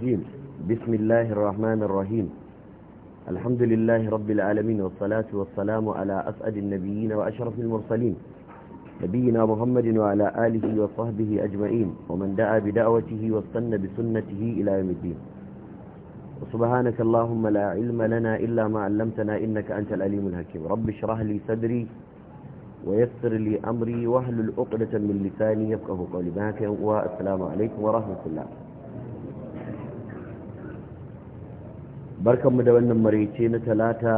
الرجيم بسم الله الرحمن الرحيم الحمد لله رب العالمين والصلاة والسلام على أسعد النبيين وأشرف المرسلين نبينا محمد وعلى آله وصحبه أجمعين ومن دعا بدعوته واستنى بسنته إلى يوم الدين وسبحانك اللهم لا علم لنا إلا ما علمتنا إنك أنت العليم الحكيم رب اشرح لي صدري ويسر لي أمري واحلل عقدة من لساني يفقه قولي معك والسلام عليكم ورحمة الله barkanmu da wannan maraice na talata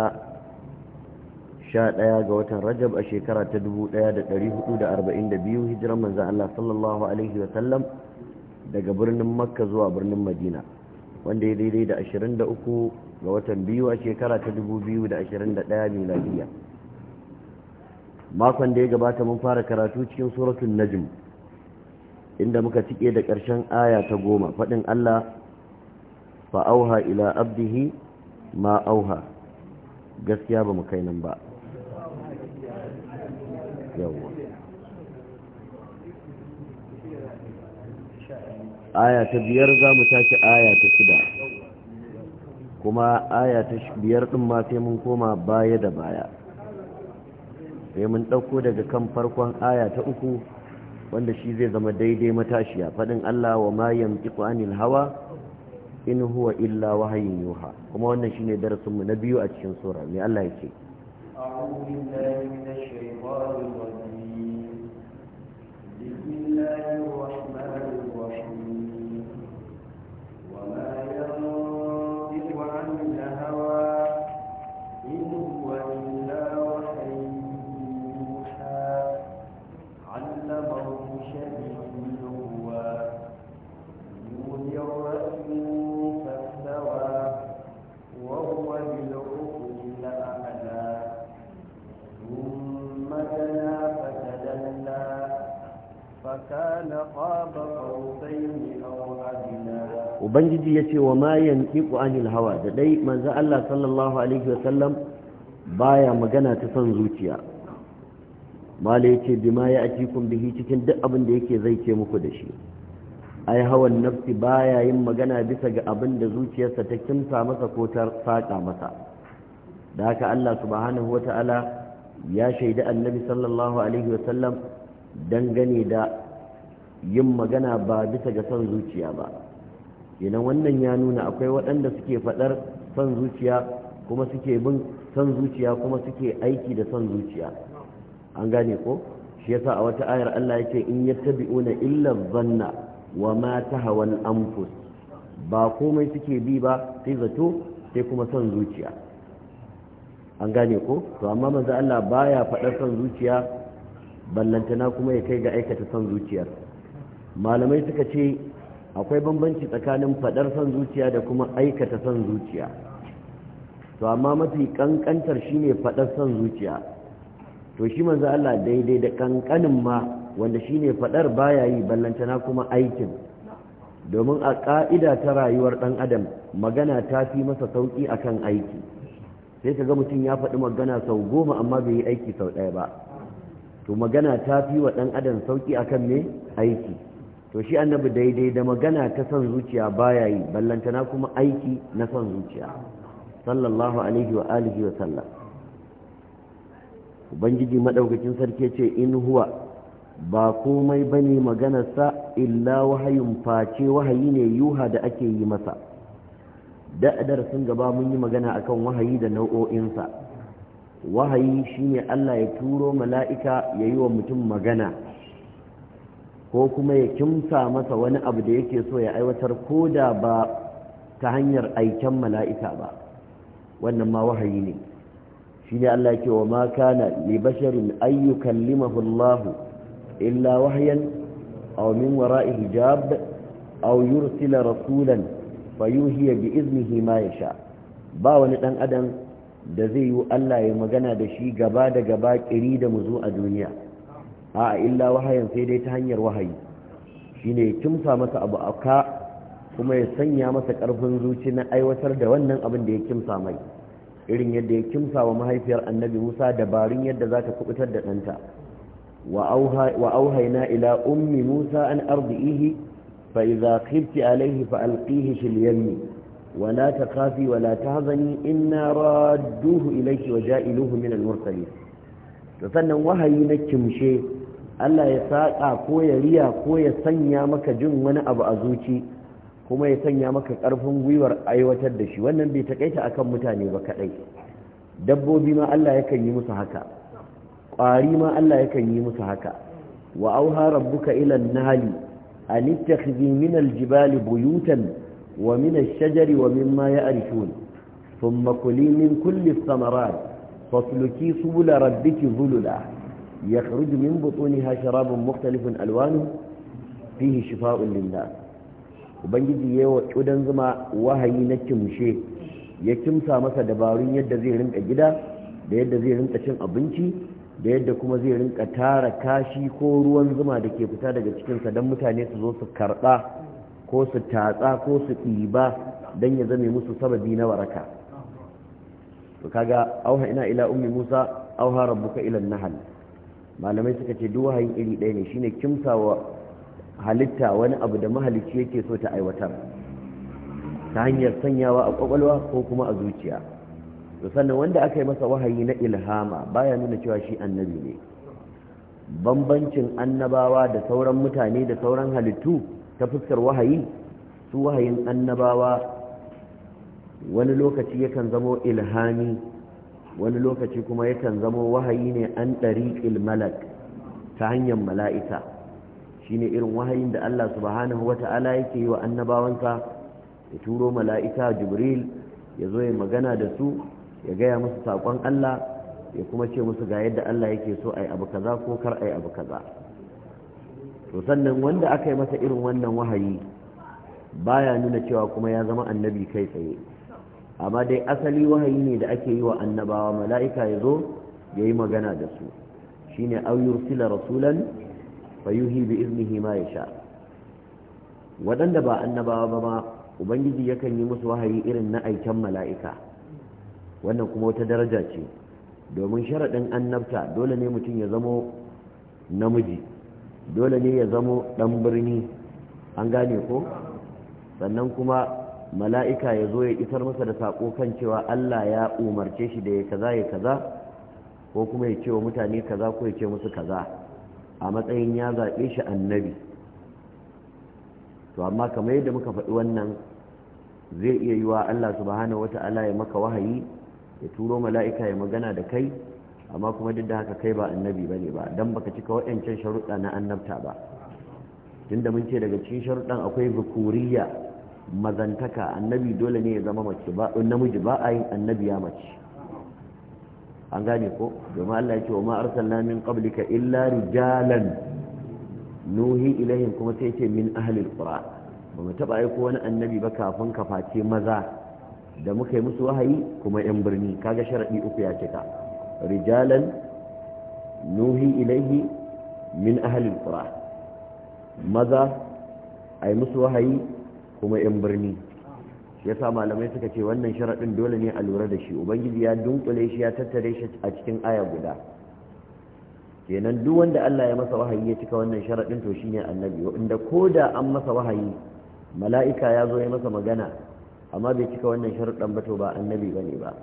sha ga watan rajab a shekara ta dubu ɗaya da ɗari hudu da arba'in da biyu hijiran manzan Allah sallallahu alaihi wasallam daga birnin makka zuwa birnin madina wanda ya daidai da ashirin da uku ga watan biyu a shekara ta dubu biyu da ashirin da ɗaya miladiya makon da ya gabata mun fara karatu cikin suratun najm inda muka cike da ƙarshen aya ta goma faɗin Allah fa auha ila abdihi ma auha gaskiya ba mu kai nan ba yawwa aya ta biyar za mu tashi aya ta shida kuma aya ta biyar ɗin ma sai mun koma baya da baya sai mun ɗauko daga kan farkon aya ta uku wanda shi zai zama daidai matashiya faɗin Allah wa ma yamtiku hawa in huwa illa wahayin yuha kuma wannan shine darasin mu na biyu a cikin sura mai Allah yake a'udhu billahi minash shaitanir ubangiji ya ce wa mayan iku anil hawa da dai manzo Allah sallallahu alaihi wasallam baya magana ta son zuciya mala ya ce bima ya atikun bihi cikin duk abin da yake zai ce muku da shi ai hawan nafsi baya yin magana bisa ga abin da zuciyarsa ta kimsa masa ko ta saka masa da haka Allah subhanahu wata'ala ya shaida annabi sallallahu alaihi wasallam dangane da yin magana ba bisa ga son zuciya ba kenan wannan ya nuna akwai waɗanda suke faɗar son zuciya kuma suke bin son zuciya kuma suke aiki da son zuciya an gane ko shi yasa a wata ayar Allah yake in yattabi'una illa dhanna wa ma tahawa al-anfus ba komai suke bi ba sai zato sai kuma son zuciya an gane ko to amma manzo Allah baya faɗar son zuciya ballantana kuma ya kai ga aikata son zuciyar malamai suka ce akwai bambanci tsakanin fadar son zuciya da kuma aikata son zuciya to amma mafi kankantar shine fadar son zuciya to shi manzo Allah daidai da kankanin ma wanda shine fadar baya yi na kuma aikin domin a ka'ida ta rayuwar dan adam magana ta fi masa sauki akan aiki sai ka ga mutum ya faɗi magana sau goma amma bai yi aiki sau ɗaya ba to magana ta fi wa ɗan adam sauƙi akan me aiki to shi annabi daidai da magana ta son zuciya baya yi ballantana kuma aiki na son zuciya sallallahu alaihi wa alihi wa sallam ubangiji madaukakin sarki ce in huwa ba komai bane maganarsa illa wahayin face wahayi ne yuha da ake yi masa da darasin gaba mun yi magana akan wahayi da nau'o'insa wahayi shine Allah ya turo mala'ika ya yi wa mutum magana ko kuma ya kimsa masa wani abu da yake so ya aiwatar ko da ba ta hanyar aiken mala'ika ba wannan ma wahayi ne shi ne Allah ke wa ma na li basharin ayyukan limahullahu illa wahayan aw min wara'i hijab aw yursila rasulan fayuhiya bi iznihi ma sha. ba wani dan adam da zai yi Allah ya magana da shi gaba da gaba kiri da zo a duniya a illa wahayin sai dai ta hanyar wahayi shine ya kimsa masa abu aka kuma ya sanya masa karfin zuci na aiwatar da wannan abin da ya kimsa mai irin yadda ya kimsa wa mahaifiyar annabi musa dabarun yadda za ta kubutar da ɗanta wa auhaina ila ummi musa an arzi'ihi fa iza khifti alaihi fa alqihi fil yammi wa la takhafi wa la tahzani inna radduhu ilayki wa ja'iluhu min al mursalin to sannan wahayi na kimshe Allah ya saƙa ko ya riya ko ya sanya maka jin wani abu a zuci kuma ya sanya maka ƙarfin gwiwar aiwatar da shi wannan bai taƙaita akan mutane ba kaɗai dabbobi ma Allah yakan yi musu haka ƙwari ma Allah yakan yi musu haka wa auha rabbuka ila an-nahli an ittakhidhi min jibali buyutan wa min ash-shajari wa mimma ya'rishun thumma kuli min kulli ath-thamarat fasluki subula rabbiki zulula يخرج من بطونها شراب مختلف ألوانه فيه شفاء للناس ubangiji ya wa ƙudan zuma wahayi na kimshe ya kimsa masa dabarun yadda zai rinka gida da yadda zai rinka cin abinci da yadda kuma zai rinka tara kashi ko ruwan zuma da ke fita daga cikinsa don mutane su zo su karɓa ko su tatsa ko su ɗiba don ya zame musu sababi na waraka to kaga auha ina ila ummi musa auha ilan ila nahal malamai suka ce duk wahayin iri ɗaya ne shine kimsawa halitta wani abu da mahalicci yake so ta aiwatar ta hanyar sanyawa a kwakwalwa ko kuma a zuciya to sannan wanda aka yi masa wahayi na ilhama baya nuna cewa shi annabi ne bambancin annabawa da sauran mutane da sauran halittu ta fuskar wahayi su wahayin annabawa wani lokaci yakan zamo ilhami wani lokaci kuma yakan zama wahayi ne an ɗariƙil malak ta hanyar mala'ika shine irin wahayin da Allah subhanahu wata'ala yake yi wa annabawansa ya turo mala'ika jibril ya zo ya magana da su ya gaya musu saƙon Allah ya kuma ce musu ga yadda Allah yake so a yi abu kaza ko kar a yi abu kaza to sannan wanda aka yi masa irin wannan wahayi baya nuna cewa kuma ya zama annabi kai tsaye amma dai asali wahayi ne da ake yi wa annabawa mala'ika ya zo ya yi magana da su shine ne auyursila rasulan fayuhi bi iznihi ma ya sha waɗanda ba annabawa ba ma ubangiji yakan yi musu wahayi irin na aiken mala'ika wannan kuma wata daraja ce domin sharaɗin annabta dole ne mutum ya zamo namiji dole ne ya zamo ɗan birni an gane ko sannan kuma mala'ika ya zo ya isar masa da saƙo kan cewa Allah ya umarce shi da ya kaza ya kaza ko kuma ya ce wa mutane kaza ko ya ce musu kaza a matsayin ya zaɓe shi annabi to amma kamar yadda muka faɗi wannan zai iya yiwa Allah su wata wata'ala ya maka wahayi ya turo mala'ika ya magana da kai amma kuma duk da haka kai ba annabi ne ba baka cika waɗancan sharuɗa na annabta ba tunda mun ce daga cikin sharuɗan akwai bukuriya mazantaka annabi dole ne ya zama mace ba namiji ba a yi annabi ya mace an gane ko domin Allah ya ce wa ma arsalna min illa rijalan nuhi ilaihim kuma sai ce min ahlil qura ba mu taba aiko wani annabi ba kafin ka face maza da muka yi musu wahayi kuma yan birni kaga sharaɗi uku ya cika rijalan nuhi ilaihi min ahlil qura maza ai musu wahayi kuma 'yan birni ya sa malamai suka ce wannan sharaɗin dole ne a lura da shi ubangiji ya dunkule shi ya tattare shi a cikin aya guda kenan duk wanda Allah ya masa wahayi ya cika wannan sharaɗin to shine annabi inda ko da an masa wahayi mala'ika ya zo ya masa magana amma bai cika wannan sharaɗin ba to ba annabi bane ba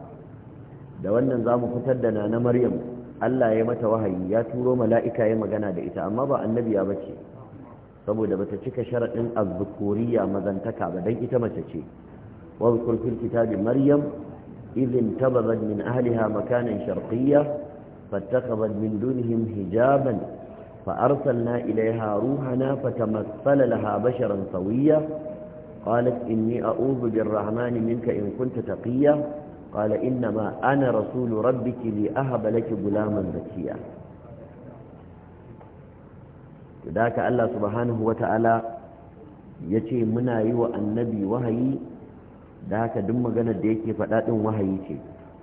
da wannan za mu fitar da nana maryam Allah ya mata wahayi ya turo mala'ika ya magana da ita amma ba annabi ba ce saboda bata cika sharadin azzukuriya mazantaka ba dan ita mace ce wa zikr fil kitabi maryam idh intabazat min ahliha makanan sharqiyya fattakhadhat min dunihim hijaban fa arsalna ruhana fatamassala laha basharan sawiyya qalat inni a'udhu إني minka in kunta taqiyya qala inna ma ana أنا rabbiki li ahab laki gulaman zakiyya to da haka Allah subhanahu ta'ala ya ce muna yi wa annabi wahayi da haka duk maganar da yake faɗa ɗin wahayi ce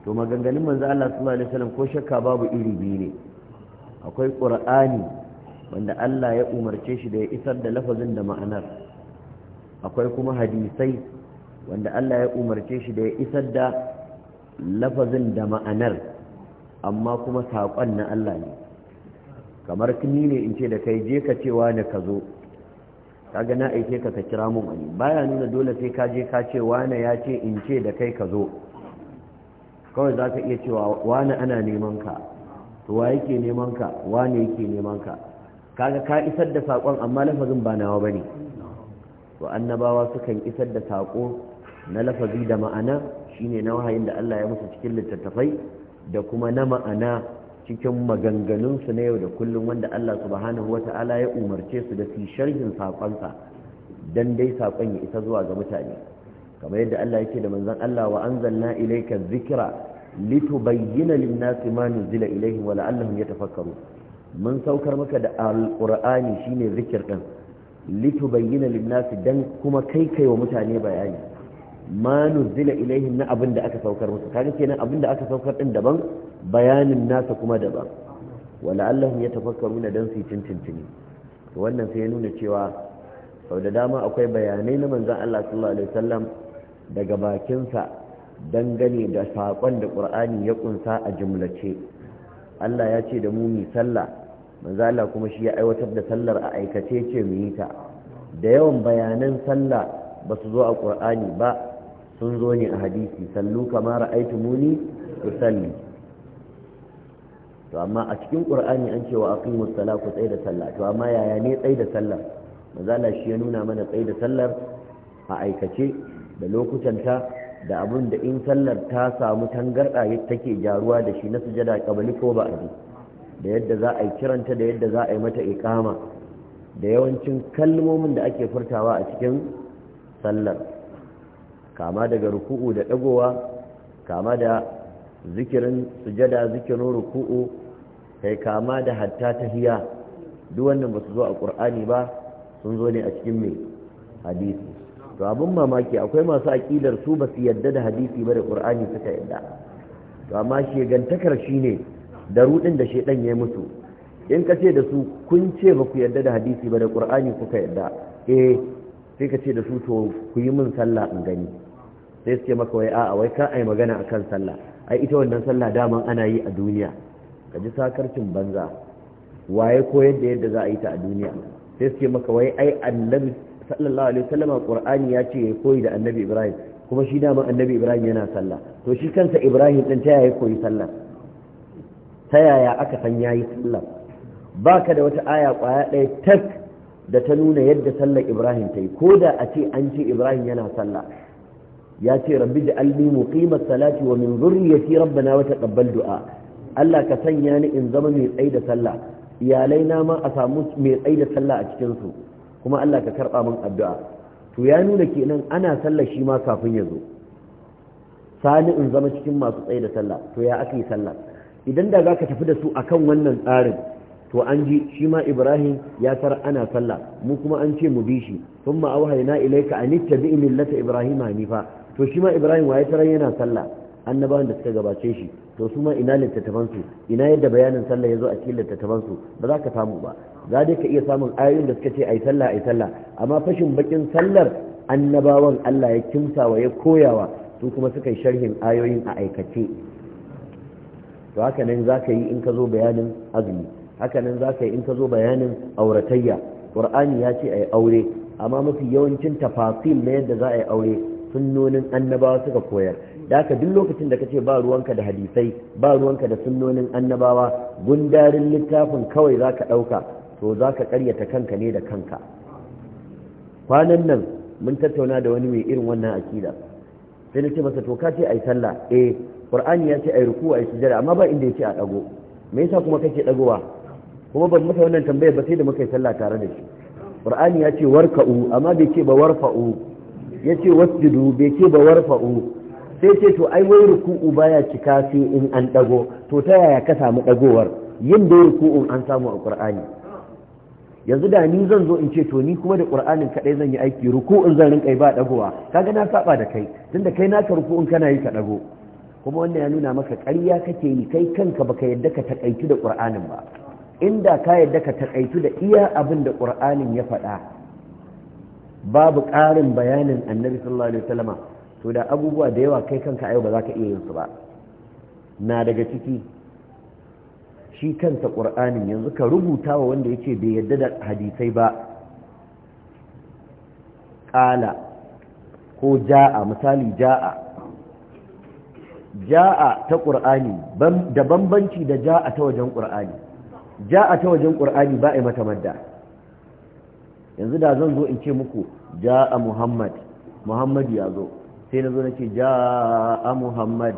to maganganun manzo Allah sallallahu ko shakka babu iri biyu ne akwai qur'ani wanda Allah ya umarce shi da ya isar da lafazin da ma'anar akwai kuma hadisai wanda Allah ya umarce shi da ya isar da lafazin da ma'anar amma kuma saƙon na Allah ne kamar ni ne in ce da kai je ka cewa ne ka zo kaga na aike ka ka kira mun wani baya nuna dole sai ka je ka ce wane ya ce in ce da kai ka zo kawai za ka iya cewa wane ana neman ka to wa yake neman ka wane yake neman ka kaga ka isar da sakon amma lafazin ba nawa bane to annabawa sukan isar da sako na lafazi da ma'ana shine na wahayin da Allah ya musu cikin littattafai da kuma na ma'ana cikin maganganunsu na yau da kullum wanda Allah subhanahu wa ta'ala ya umarce su da su sharhin saƙonsa don dai saƙon ya isa zuwa ga mutane kamar yadda Allah yake da manzon Allah wa anzalna ilayka dhikra litubayyana lin-nasi ma nuzila ilayhim wa la'allahum yatafakkarun mun saukar maka da alqur'ani shine zikir din litubayyana lin-nasi dan kuma kai kai wa mutane bayani ma nuzila ilaihim na abin da aka saukar musu kaga kenan abin da aka saukar din daban bayanin nasa kuma daban wala allahum na dan su tintintini to wannan sai ya nuna cewa sau da dama akwai bayanai na manzon Allah sallallahu alaihi wasallam daga bakinsa dangane da saƙon da qur'ani ya ƙunsa a jumlace Allah ya ce da mu mi sallah manzala kuma shi ya aiwatar da sallar a aikace ce mu ta da yawan bayanan sallah ba su zo a qur'ani ba sun zo ne a hadisi sallu kama ra'aitu muni usalli to amma a cikin qur'ani an cewa aqimus sala ku tsaye da sallah to amma yaya ne tsaida da sallah manzala shi ya nuna mana tsaida da sallar a aikace da lokutan ta da abun da in sallar ta samu tangarda take jaruwa da shi na sujada kabali ko ba'adi da yadda za a kiranta da yadda za a yi mata iqama da yawancin kalmomin da ake furtawa a cikin sallar kama daga ruku'u da dagowa kama da zikirin sujada zikirin ruku'u kai kama da hatta tahiya duk wannan ba su zo a ƙur'ani ba sun zo ne a cikin mai hadisi to abin mamaki akwai masu aƙidar su ba su yadda da hadisi ba da ƙur'ani suka yadda to amma shegantakar shi ne da ruɗin da shaiɗan ya musu in ka ce da su kun ce ba ku yadda da hadisi ba da ƙur'ani kuka yadda eh sai ka ce da su to ku yi min sallah in gani sai suke maka wai a'a wai ka ai magana akan sallah ai ita wannan sallah daman ana yi a duniya ka ji sakarcin banza waye koyar da yadda za a yi ta a duniya sai suke maka wai ai annabi sallallahu alaihi wasallam qur'ani ya ce ya koyi da annabi ibrahim kuma shi dama annabi ibrahim yana sallah to shi kansa ibrahim din ta yaya koyi sallah ta yaya aka san yayi sallah baka da wata aya kwaya ɗaya tak da ta nuna yadda sallar ibrahim ta yi ko da a ce an ce ibrahim yana sallah ya ce rabbi mu muqimat salati wa min zurriyyati rabbana wa taqabbal du'a Allah ka sanya ni in zama mai tsayi da sallah iyalai na ma a samu mai tsayi da sallah a cikin su kuma Allah ka karba min addu'a to ya nuna kenan ana sallah shi ma kafin ya zo sani in zama cikin masu tsayi da sallah to ya aka yi sallah idan da zaka tafi da su akan wannan tsarin to an ji shi ma ibrahim ya tar ana sallah mu kuma an ce mu bi shi thumma auhayna ilayka an ittabi millata ibrahim hanifa to shi ma ibrahim waye taran yana sallah annabawan da suka gabace shi to su ma ina littattafan su ina yadda bayanin sallah ya zo a cikin littattafan su ba za ka samu ba za dai ka iya samun ayoyin da suka ce ai sallah ai sallah amma fashin bakin sallar annabawan Allah ya wa ya koyawa su kuma suka yi sharhin ayoyin a aikace to haka nan za ka yi in ka zo bayanin azumi haka nan za ka yi in ka zo bayanin auratayya Qur'ani ya ce a aure amma mafi yawancin tafasil na yadda za a yi aure sunnonin annabawa suka koyar da haka duk lokacin da ka ce ba ruwanka da hadisai ba ruwanka da sunnonin annabawa gundarin littafin kawai za ka ɗauka, to za ka karyata kanka ne da kanka kwanan nan mun tattauna da wani mai irin wannan akida sai ce masa to ka ce yi sallah eh ƙur'ani ya ce ai ruku ai sujada amma ba inda ya ce a ɗago. me yasa kuma kake ɗagowa? kuma ban masa wannan tambayar ba sai da muka yi sallah tare da shi Ƙur'ani ya ce warka'u amma bai ce ba warfa'u ya ce wasu bai ce ba warfa'u sai ce to ai wai ruku'u baya cika sai in an dago to ta yaya ka samu dagowar yin da ruku'un an samu a ƙur'ani? yanzu da ni zan zo in ce to ni kuma da ƙur'anin kaɗai zan yi aiki ruku'un zan rinka ba dagowa kaga na saba da kai tunda kai naka ruku'un kana yi ka dago kuma wannan ya nuna maka ƙarya kake yi kai kanka baka yadda ka takaitu da qur'anin ba inda ka yadda ka takaitu da iya abin da qur'anin ya faɗa babu ƙarin bayanin annabi sallallahu alaihi wasallama to da abubuwa da yawa kai kanka ayo ba za ka iya yin su ba na daga ciki shi kansa ƙur'anin yanzu ka rubuta wa wanda yake bai yadda da hadisai ba ƙala ko ja'a misali ja'a ja'a ta ƙur'ani da bambanci da ja'a ta wajen ƙur'ani ja'a ta wajen ƙur'ani ba a mata madda yanzu da zan zo in ce muku ja'a muhammad muhammad ya zo sai na zo na ce ja'a muhammad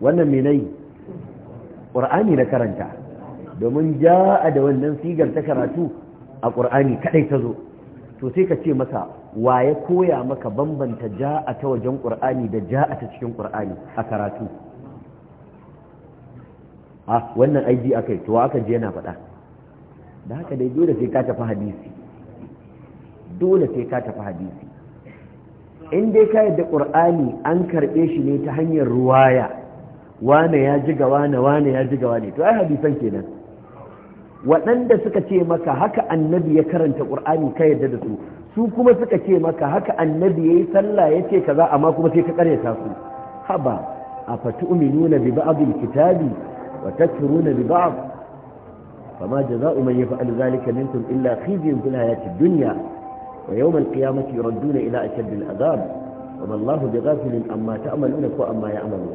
wannan me nayi na karanta domin ja'a da wannan sigar ta karatu a ƙur'ani kadai ta zo to sai ka ce masa wa ya koya maka bambanta ja'a ta wajen ƙur'ani da ja'a ta cikin ƙur'ani a karatu a ah, wannan aiki akai to aka je yana faɗa da haka dai dole sai ka tafi hadisi dole sai ka tafi hadisi in dai ka yadda ƙur'ani an karɓe shi ne ta hanyar ruwaya wane ya jiga wane, wane ya jiga wane. to ai hadisan kenan waɗanda suka ce maka haka annabi ya karanta ƙur'ani ka yadda da su su kuma suka ce maka haka annabi ya yi sallah ya ce kaza amma kuma sai ka karyata su haba a fatu'minuna bi ba'dil kitabi wa takfuruna bi ba'd فما جزاء من يفعل ذلك منكم إلا خزي في الحياة الدنيا ويوم القيامة يردون إلى أشد العذاب وما الله بغافل أما تعملون وأما يعملون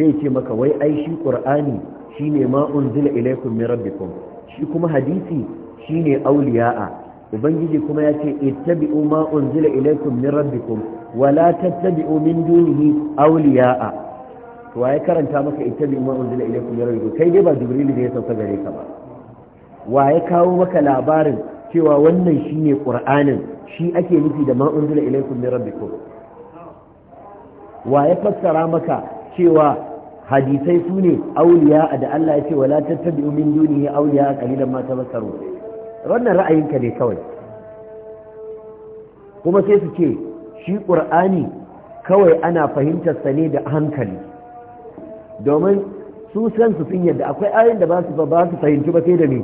sai ce maka wai ai shi ƙur'ani shi ne ma'un zila ilaikun min shi kuma hadisi shi ne auliya'a ubangiji kuma ya ce ittabi'u ma'un zila ilaikun min wala tattabi'u min dunihi auliya'a to waye karanta maka ita bi ma unzila ilaykum min rabbikum kai dai ba jibril da ya sauka gare ka ba waye kawo maka labarin cewa wannan shine qur'anin shi ake nufi da ma unzila ilaykum min rabbikum waye fassara maka cewa hadisai su ne auliya da Allah ya ce wala tattabi'u min dunihi auliya qalilan ma tabassaru wannan ra'ayinka ne kawai kuma sai su ce shi qur'ani kawai ana fahimtar sa ne da hankali domin su su sun yadda akwai ayin da ba su ba su fahimci ba sai da ni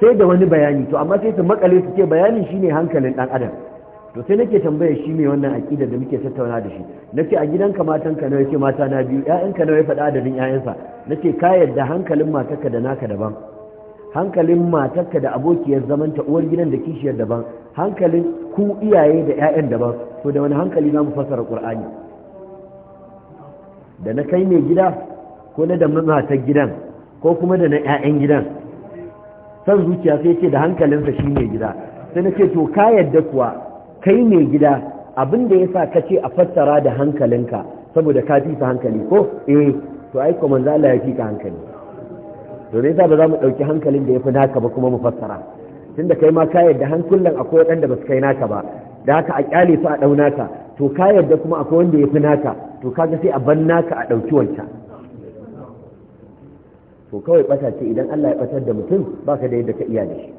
sai da wani bayani to amma sai su makale su ce shi ne hankalin dan adam to sai nake tambaya shi mai wannan aƙidar da muke tattauna da shi nake a ka matan ka nawa yace mata na biyu ka nawa ya faɗa adadin ƴaƴansa nake ka yadda hankalin matarka da naka daban hankalin matarka da abokiyar zamanta uwar gidan da kishiyar daban hankalin ku iyaye da ƴaƴan daban to da wani hankali na mu fassara qur'ani da na kai mai gida ko na da matar gidan ko kuma da na 'ya'yan gidan san zuciya sai ce da hankalinsa shi ne gida sai na ce to ka yadda kuwa kai ne gida abin da ya sa ka ce a fassara da hankalinka saboda ka fi hankali ko eh to ai kuma manzo Allah ya fi ka hankali to ne ba za mu dauki hankalin da ya fi naka ba kuma mu fassara tunda kai ma ka yadda hankulan akwai waɗanda ba su kai naka ba da haka a kyale su a ɗaunaka to ka yadda kuma akwai wanda ya fi naka to kaga sai a ban naka a dauki wancan to kawai bata ce idan Allah ya batar da mutum baka da yadda ka iya da shi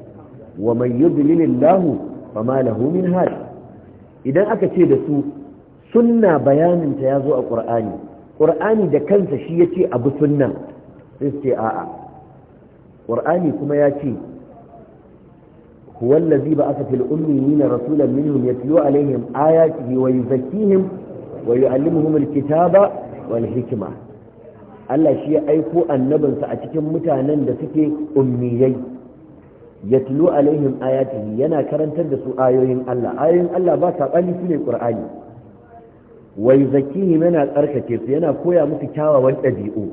wa man yudlilillahu fama lahu min hadi idan aka ce da su sunna bayanin ta yazo a qur'ani qur'ani da kansa shi yace abu sunna sai ce a'a qur'ani kuma ya ce هو الذي بعث في الأميين رسولا منهم يتلو عليهم آياته ويزكيهم kitaba wal hikima. Allah shi ya aiko annabinsa a cikin mutanen da suke ummiyai yatlu alaihim ayatihi yana karantar da su ayoyin Allah ayoyin Allah ba tsani su ne ƙur'ani wai zakihim yana tsarkake su yana koya musu kyawawan ɗabi'u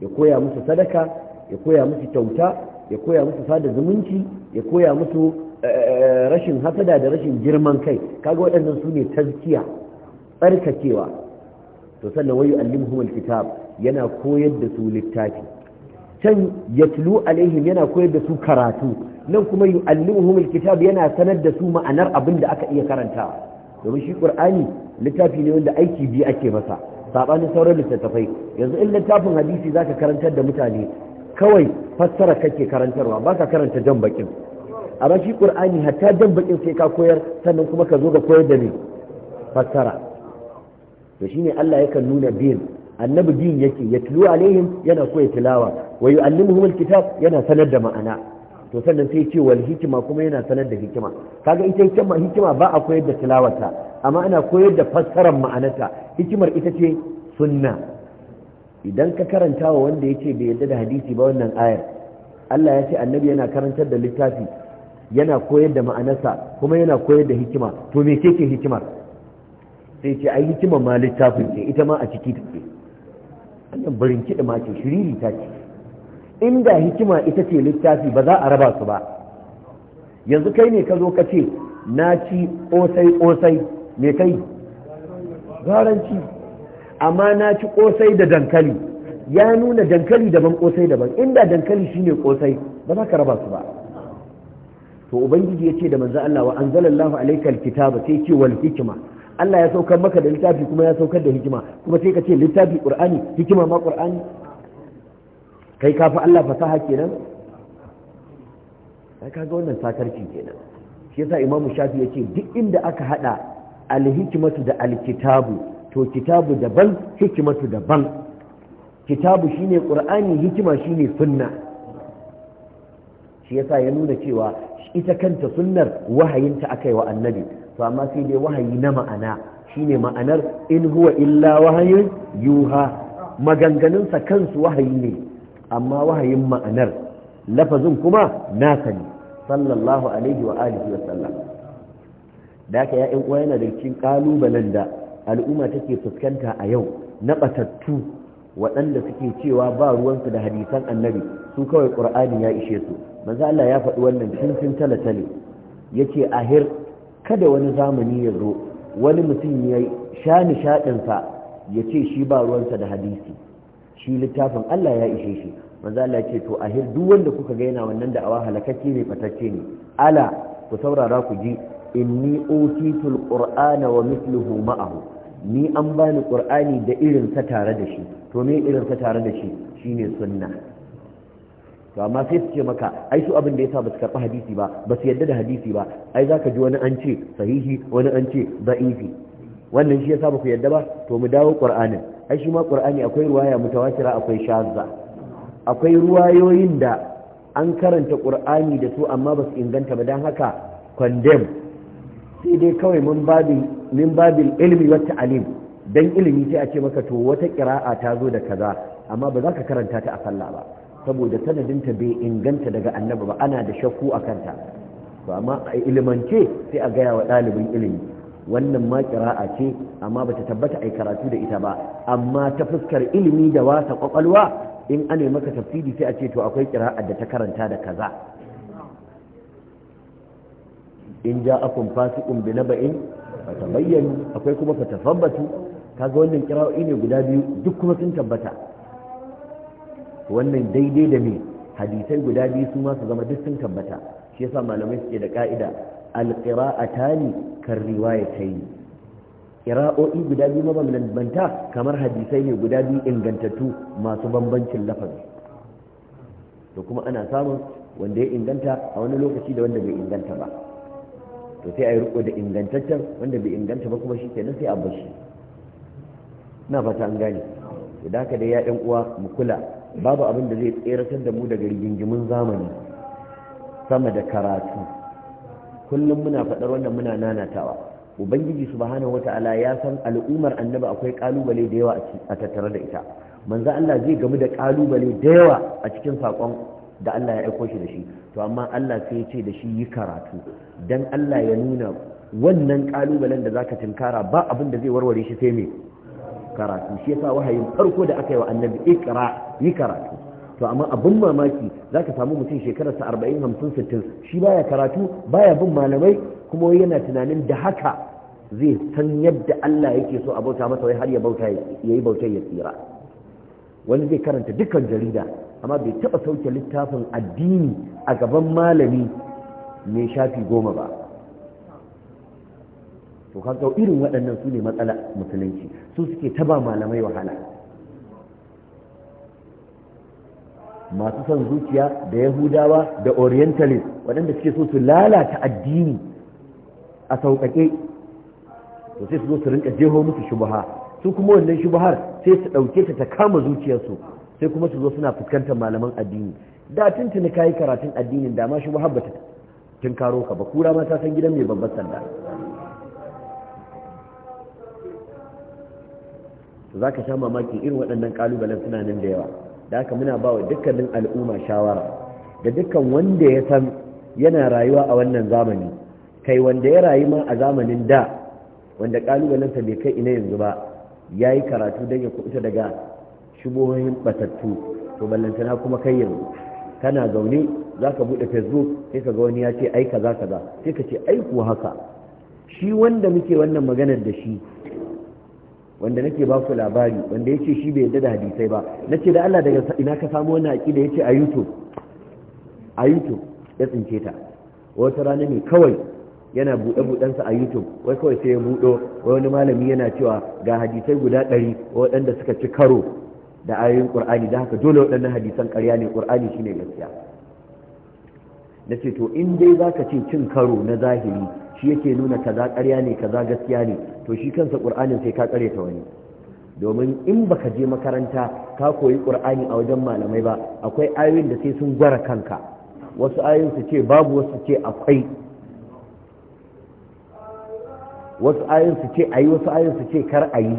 ya koya musu sadaka ya koya musu kyauta ya koya musu sada zumunci ya koya musu eh, eh, rashin hasada da rashin girman kai kaga waɗannan su ne tazkiya tsarkakewa to sannan wayu allimhum alkitab yana koyar da su littafi can yatlu alaihim yana koyar da su karatu nan kuma yu'allimuhum alkitab yana sanar da su ma'anar abin da aka iya karantawa domin shi qur'ani littafi ne wanda aiki biyu ake masa sabanin sauran littattafai yanzu in littafin hadisi zaka karantar da mutane kawai fassara kake karantarwa baka karanta jan bakin a rashi qur'ani hatta jan bakin sai ka koyar sannan kuma ka zo ka koyar da ni fassara to shine Allah yakan nuna bin annabi bin yake ya tilu alaihim yana so ya tilawa wa yu'allimuhum alkitab yana sanar da ma'ana to sannan sai ce wal hikima kuma yana sanar da hikima kaga ita hikima hikima ba a koyar da tilawarta amma ana koyar da fassarar ma'anarta hikimar ita ce sunna idan ka karanta wa wanda yake bai yarda da hadisi ba wannan ayar Allah ya ce annabi yana karantar da littafi yana koyar da ma'anarsa kuma yana koyar da hikima to me ke ke hikimar sai ce a yi hikimar ma littafin ce ita ma a ciki ke. wannan barin kiɗa ma ce shiriri ta ce inda hikima ita ce littafi ba za a raba su ba yanzu kai ne ka zo ka ce na ci ƙosai ƙosai me kai garanci amma na ci ƙosai da dankali ya nuna dankali daban ƙosai daban inda dankali shine ƙosai ba za ka raba su ba to ubangiji ya ce da manzo Allah wa anzalallahu alaikal kitaba sai ce wal hikma Allah ya saukar maka da littafi kuma ya saukar da hikima kuma sai ka ce littafi qur'ani hikima ma qur'ani kai ka fi Allah fasaha kenan ka ga wannan sakarci kenan shi yasa Imam Shafi yace duk inda aka hada al-hikmatu da al-kitabu to kitabu daban hikmatu daban kitabu shine qur'ani hikima shine sunna shi yasa ya nuna cewa ita kanta sunnar wahayinta aka wa annabi to amma sai dai wahayi na ma'ana shine ma'anar in huwa illa wahayin yuha maganganunsa kansu wahayi ne amma wahayin ma'anar lafazin kuma nasa ne sallallahu alaihi wa alihi wa sallam da haka ya'yan uwa yana da cikin kalubalen da al'umma take fuskanta a yau na batattu waɗanda suke cewa ba ruwansu da hadisan annabi su kawai ƙur'ani ya ishe su manzo Allah ya faɗi wannan cincin talatale, tale tale yace ahir kada wani zamani ya zo wani mutum ya sha nishaɗinsa ya ce shi ba ruwansa da hadisi shi littafin Allah ya ishe shi manzo Allah ce to a duk wanda kuka ga yana wannan da awa halakacce ne fatacce ne ala ku saurara ku ji inni utitul qur'ana wa mithluhu ma'ahu ni an bani qur'ani da irin sa tare da shi to me irin sa tare da shi shine sunna to amma sai su ce maka ai su abin da yasa ba su karɓi hadisi ba ba su yadda da hadisi ba ai za ka ji wani an ce sahihi wani an ce da'ifi wannan shi yasa ba ku yadda ba to mu dawo ƙur'anin ai shi ma ƙur'ani, akwai ruwaya mutawatira akwai shazza akwai ruwayoyin da an karanta ƙur'ani da su amma ba su inganta ba don haka kwandem sai dai kawai mun babin ilimi wata alim, dan ilimi sai a ce maka to wata ƙira'a ta zo da kaza amma ba za ka karanta ta a sallah ba saboda sanadinta bai inganta daga annabi ba ana da shakku a kanta ba amma a ilimance sai a gaya wa ɗalibin ilimi wannan ma ƙira'a ce amma bata tabbata ai karatu da ita ba amma ta fuskar ilimi da wasa kwakwalwa in an maka tafsiri sai a ce to akwai kira'a da ta karanta da kaza in ja'akum fasiqun ba ta fatabayyanu akwai kuma fatafabbatu kaga wannan kira'o'i ne guda biyu duk kuma sun tabbata wannan daidai da me hadisai guda biyu su ma su zama duk sun tabbata shi yasa malamai suke da ka'ida alqira'atani kan riwayatayn qira'o'i guda biyu mabambanta kamar hadisai ne guda biyu ingantattu masu bambancin lafazi to kuma ana samun wanda ya inganta a wani lokaci da wanda bai inganta ba to sai a yi riko da ingantaccen wanda bai inganta ba kuma shi kenan sai a bar shi na fata an gane to da haka dai ya ɗan uwa mu kula babu abin da zai tseratar da mu daga rigingimin zamani sama da karatu kullum muna faɗar wannan muna nanatawa ubangiji subhanahu wata'ala ya san al'ummar annaba akwai kalubale da yawa a tattare da ita manzo Allah zai gamu da kalubale da yawa a cikin sakon da Allah ya aiko shi da shi to amma Allah sai ya ce da shi yi karatu dan Allah ya nuna wannan kalubalen da zaka tinkara ba abin da zai warware shi sai me karatu shi yasa wahayin farko da aka yi wa annabi ikra yi karatu to amma abin mamaki za ka samu mutum shekararsa arba'in hamsin sittin shi baya karatu baya bin malamai kuma yana tunanin da haka zai san yadda Allah yake so a bauta masa wai har ya bauta ya yi bautar ya tsira wani zai karanta dukkan jarida amma bai taba sauke littafin addini a gaban malami mai shafi goma ba to kaga irin waɗannan su ne matsala musulunci su suke taba malamai wahala masu son zuciya da yahudawa da orientalist waɗanda suke so su lalata addini a sauƙaƙe to sai su zo su rinka jeho musu shubaha su kuma wannan shubahar sai su ɗauke ta ta kama zuciyarsu sai kuma su zo suna fuskantar malaman addini da tuntuni kayi karatun addinin da ma shubahar ba ta tunkaro ka ba kura ma ta san gidan mai babban sanda za ka sha mamakin irin waɗannan ƙalubalen suna nan da yawa da haka muna ba wa dukkanin al'umma shawara da dukkan wanda ya san yana rayuwa a wannan zamani kai wanda ya rayu ma a zamanin da wanda ƙalubalensa bai kai ina yanzu ba ya yi karatu don ya kuɓuta daga shubohin batattu to ballantana kuma kai yanzu kana zaune za ka buɗe facebook sai ka ga wani ya ce ai kaza kaza sai ka ce ai haka shi wanda muke wannan maganar da shi wanda nake ba ku labari wanda yace shi bai yadda da hadisai ba nace da Allah daga ina ka samu da aqida yace a YouTube a YouTube ya tsince ta wata rana ne kawai yana buɗe buɗensa a YouTube wai kawai sai ya buɗo wai wani malami yana cewa ga hadisai guda ɗari waɗanda suka ci karo da ayoyin Qur'ani da haka dole waɗannan hadisan ƙarya ne Qur'ani shine gaskiya nace to in dai zaka ce cin karo na zahiri shi yake nuna kaza ƙarya ne kaza gaskiya ne to shi kansa ƙur'anin sai ka ƙare ta wani domin in baka je makaranta ka koyi ƙur'ani a wajen malamai ba akwai ayoyin da sai sun gwara kanka wasu ayoyin su ce babu wasu ce akwai wasu ayoyin su ce ayi wasu ayoyin su ce kar ayi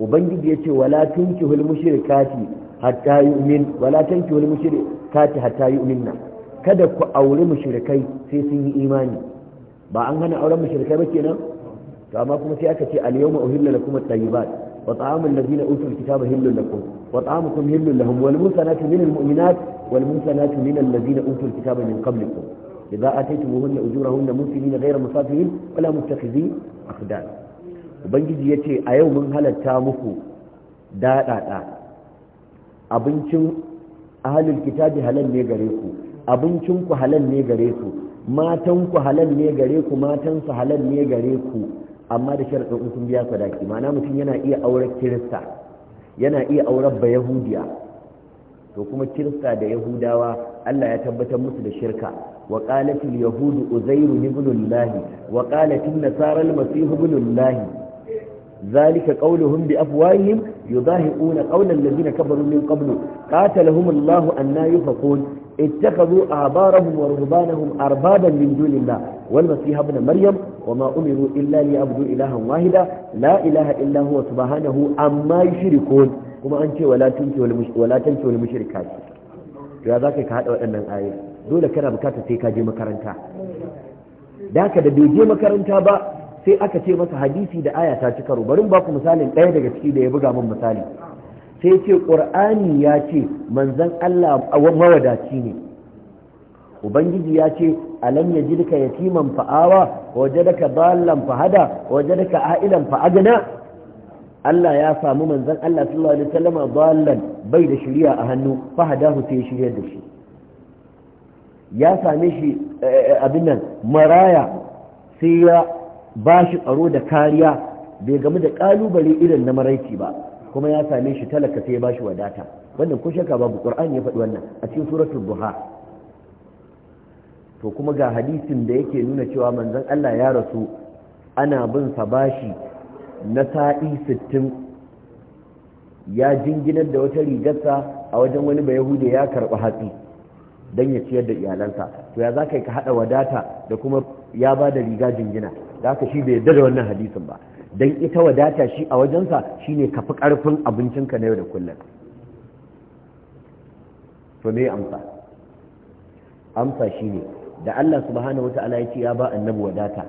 ubangiji ya ce wala tunkihul mushrikati hatta yu'min wala tunkihul mushrikati hatta yu'minna kada ku aure mushrikai sai sun yi imani ba an hana auren mushrikai ba kenan to amma kuma sai aka ce al-yawma uhilla lakum at-tayyibat wa na zina utul kitaba hillun lakum wa ta'amukum hillun lahum wal musanatu minal mu'minat wal musanatu na ladina utul kitaba min qablikum idza ataytumuhunna ujurahunna muslimina ghayra musafihin wala muttakhidhin akhdan ubangiji ya ce a yau mun halatta muku daɗaɗa abincin ahalul kitabi halal ne gare ku abincin ku halal ne gare ku matan ku halal ne gare ku matan halal ne gare ku amma da sharadin sun biya sadaki mana mutum yana iya auren kirista yana iya auren ba yahudiya to kuma kirista da yahudawa Allah ya tabbatar musu da shirka wa qalatil yahudu uzairu ibnullahi allah wa qalatin nasara al-masih ذلك قولهم بأفواههم يضاهئون قول الذين كفروا من قبل قاتلهم الله أن يفقون اتخذوا أعبارهم ورهبانهم أربابا من دون الله والمسيح ابن مريم وما أمروا إلا ليعبدوا إلها واحدا لا إله إلا هو سبحانه عما يشركون كما أنت ولا تنسي ولا تنسي والمشركات يا ذاك كهذا وأن الآية دولة كنا بكاتا سيكا جي مكرنتا ذاك دا بيجي مكرنتا با sai aka ce masa hadisi da aya ta ci karo bari ba ku misalin ɗaya daga ciki da ya buga min misali sai ce ƙur'ani ya ce manzon Allah mawadaci ne ubangiji ya ce alam yajidka yatiman fa'awa wajadaka dallan fahada wajadaka a'ilan fa'agna Allah ya samu manzon Allah sallallahu alaihi wasallam dallan bai da shari'a a hannu fahadahu sai shirya da shi ya same shi eh, eh, abin nan maraya sai ya ba shi tsaro da kariya bai gamu da kalubale irin na maraici ba kuma ya same shi talaka sai ya ba shi wadata wannan ko shaka babu qur'ani ya faɗi wannan a cikin suratul duha to kuma ga hadisin da yake nuna cewa manzon Allah ya rasu ana bin sa bashi na sa'i 60 ya jinginar da wata rigarsa a wajen wani yahudi ya karɓi hatsi dan ya ciyar da iyalansa to ya zaka yi ka haɗa wadata da kuma ya ba da riga jingina da haka shi bai yarda da wannan hadisin ba don ita wadata shi a wajensa shi ne kafi karfin abincinka na yau da kullum to ne amsa amsa shi ne da Allah subhanahu wata'ala ya ce ya ba annabi wadata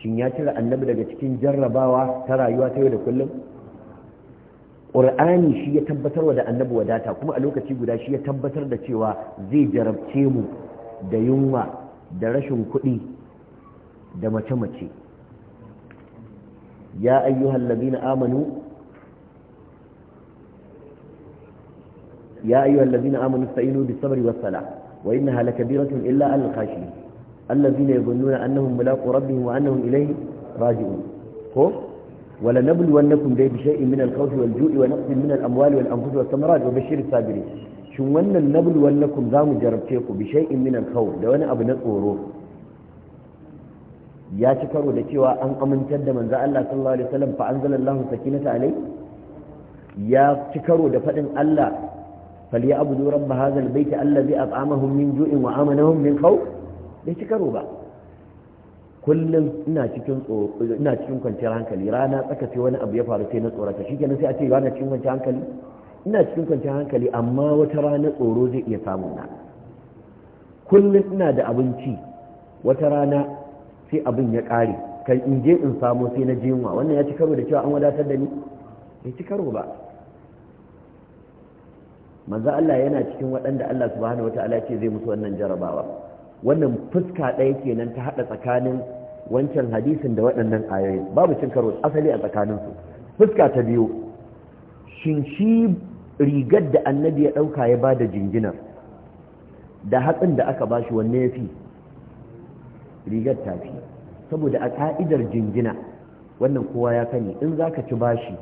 shin ya cire annabi daga cikin jarrabawa ta rayuwa ta yau da kullum ƙur'ani shi ya tabbatarwa da annabi wadata kuma a lokaci guda shi ya tabbatar da cewa zai jarabce mu da yunwa da rashin kuɗi da mace-mace ya ayyuhal ladina amanu ya ayyuhal ladina amanu sta'inu bis sabri was sala wa innaha lakabiratun illa al khashin alladhina yadhunnuna annahum mulaqu rabbihim wa ko wala nabluwannakum dai bi shay'in min al khawfi wal ju'i wa naqsin min al amwali wal anfusi was thamarat wa shin wannan nabluwannakum zamu jarabce ku bi shay'in da wani abu na tsoro ya ci karo da cewa an amintar da manzo Allah sallallahu alaihi wasallam fa anzalallahu sakinata alai ya ci karo da fadin Allah falyabudu rabb hadha albayt allazi at'amahum min ju'in wa amanahum min khawf bai ci karo ba kullum ina cikin ina cikin kwanciyar hankali rana tsaka sai wani abu ya faru sai na tsorata shikenan sai a ce rana cikin kwanciyar hankali ina cikin kwanciyar hankali amma wata rana tsoro zai iya samun na kullum ina da abinci wata rana sai abin ya ƙare kan in je in samu sai na je yunwa wannan ya ci karo da cewa an wadatar da ni bai ci karo ba manzo Allah yana cikin waɗanda Allah subhanahu wataala ce zai musu wannan jarabawa wannan fuska ɗaya kenan ta haɗa tsakanin wancan hadisin da waɗannan ayoyin babu cin karo asali a tsakanin su. fuska ta biyu shin shi rigar da annabi ya ɗauka ya ba da jinginar da hatsin da aka ba shi wanne ya fi rigar tafi saboda a ka'idar jingina wannan kowa ya sani in za ka ci bashi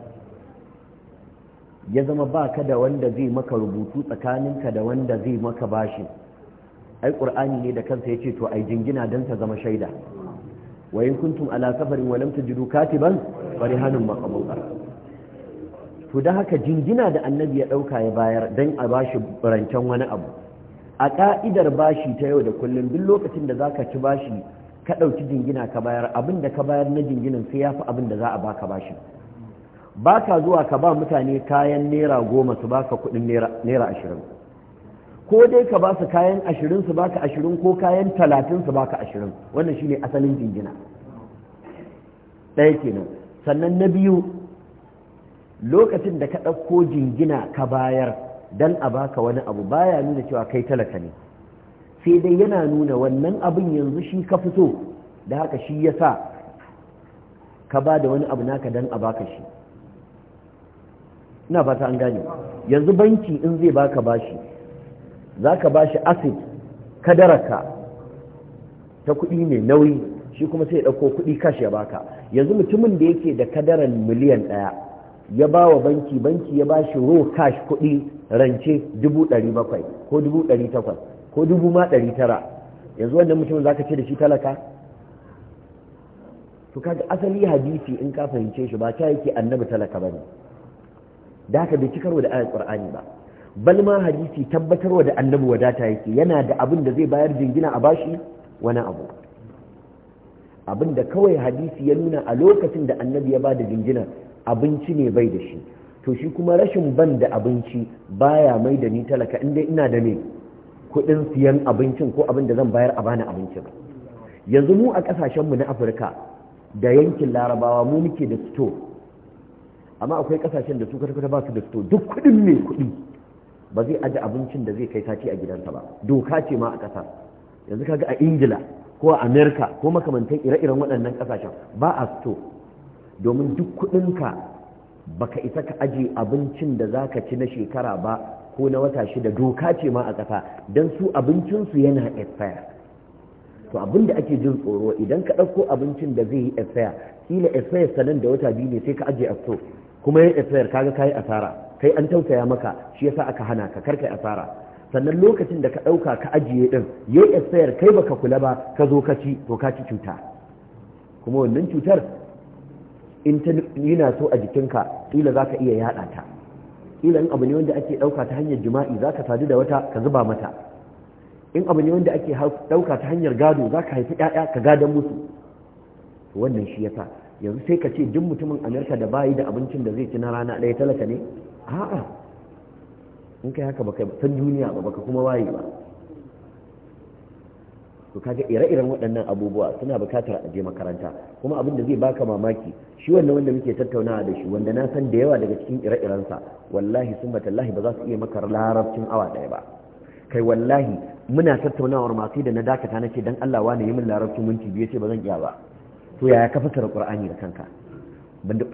ya zama ba ka da wanda zai maka rubutu tsakaninka da wanda zai maka bashi ai ƙur'ani ne da kansa ya ce to ai jingina don ta zama shaida wa in kuntum ala safarin wa lam tajidu katiban farihanun maqamuka to da haka jingina da annabi ya dauka ya bayar dan a bashi rancen wani abu a ka'idar bashi ta yau da kullum duk lokacin da zaka ci bashi ka ɗauki jingina ka bayar abin da ka bayar na jinginan sai ya fi abin da za a baka bashi ba ka zuwa ka ba mutane kayan naira goma su baka kuɗin naira ashirin ko dai ka ba su kayan ashirin su baka ashirin ko kayan talatin su baka ashirin wannan shine asalin jingina ɗaya kenan sannan na biyu lokacin da ka ɗauko jingina ka bayar dan a baka wani abu baya nuna cewa kai talaka ne sai dai yana nuna wannan abin yanzu shi ka fito da haka shi ya sa ka ba da wani abu naka dan a baka shi ina fata an gane yanzu banki in zai baka bashi za ka bashi asid kadaraka ta kuɗi mai nauyi shi kuma sai ya ɗauko kuɗi kashi ya baka yanzu mutumin da yake da kadaran miliyan ɗaya ya ba wa banki banki ya ba shi ro cash kuɗi rance dubu ɗari bakwai ko dubu ɗari takwas ko dubu ma ɗari tara yanzu wannan mutum za ka ce da shi talaka to kaga asali hadisi in ka fahimce shi ba ta yake annabi talaka ba ne da haka bai ci karo da ayat qur'ani ba bal ma hadisi tabbatarwa da annabi wadata yake yana da abin da zai bayar jingina a bashi wani abu abin da kawai hadisi ya nuna a lokacin da annabi ya ba da jingina abinci ne bai da shi to shi kuma rashin ban da abinci baya mai da ni talaka inda ina da ne kudin siyan abincin ko abin da zan bayar a bani abincin yanzu mu a kasashenmu na afirka da yankin larabawa mu muke da sto amma akwai kasashen da su kwata ba su da sto duk kudin ne kudi ba zai aji abincin da zai kai sati a gidansa ba doka ce ma a kasa yanzu kaga a ingila ko a amerika ko makamantan ire-iren waɗannan kasashen ba a fito. domin duk kudinka baka isa ka aje abincin da zaka ci na shekara ba ko na wata shida doka ce ma a ƙasa don su abincinsu yana expire to abin da ake jin tsoro idan ka ɗauko abincin da zai yi expire kila expire sanan da wata biyu ne sai ka aje a so, kuma yin expire kaga kayi asara kai an tausaya maka shi yasa aka hana ka karkai asara sannan lokacin da ka ɗauka ka ajiye din, yayi expire kai baka kula ba ka zo ka ci to ka ci cuta kuma wannan cutar in ta yana so a jikinka ila za ka iya yada ta ila in abu ne wanda ake ɗauka ta hanyar jima'i za ka sadu da wata ka zuba mata in abu ne wanda ake ɗauka ta hanyar gado za ka haifi ɗaya ka gadon musu wannan shi yasa yanzu sai ka ce duk mutumin amerika da bayi da abincin da zai ci na rana ɗaya talaka ne a'a in kai haka ba baka san duniya ba baka kuma waye ba to kaga ire-iren waɗannan abubuwa suna bukatar a je makaranta kuma abin da zai baka mamaki shi wannan wanda muke tattaunawa da shi wanda na san da yawa daga cikin ire-irensa wallahi sun matallahi ba za su iya maka larabcin awa ɗaya ba kai wallahi muna tattaunawar masu da na dakata na ce dan Allah wani yi min larabcin minti biyu ce ba zan iya ba to yaya ka fassara qur'ani da kanka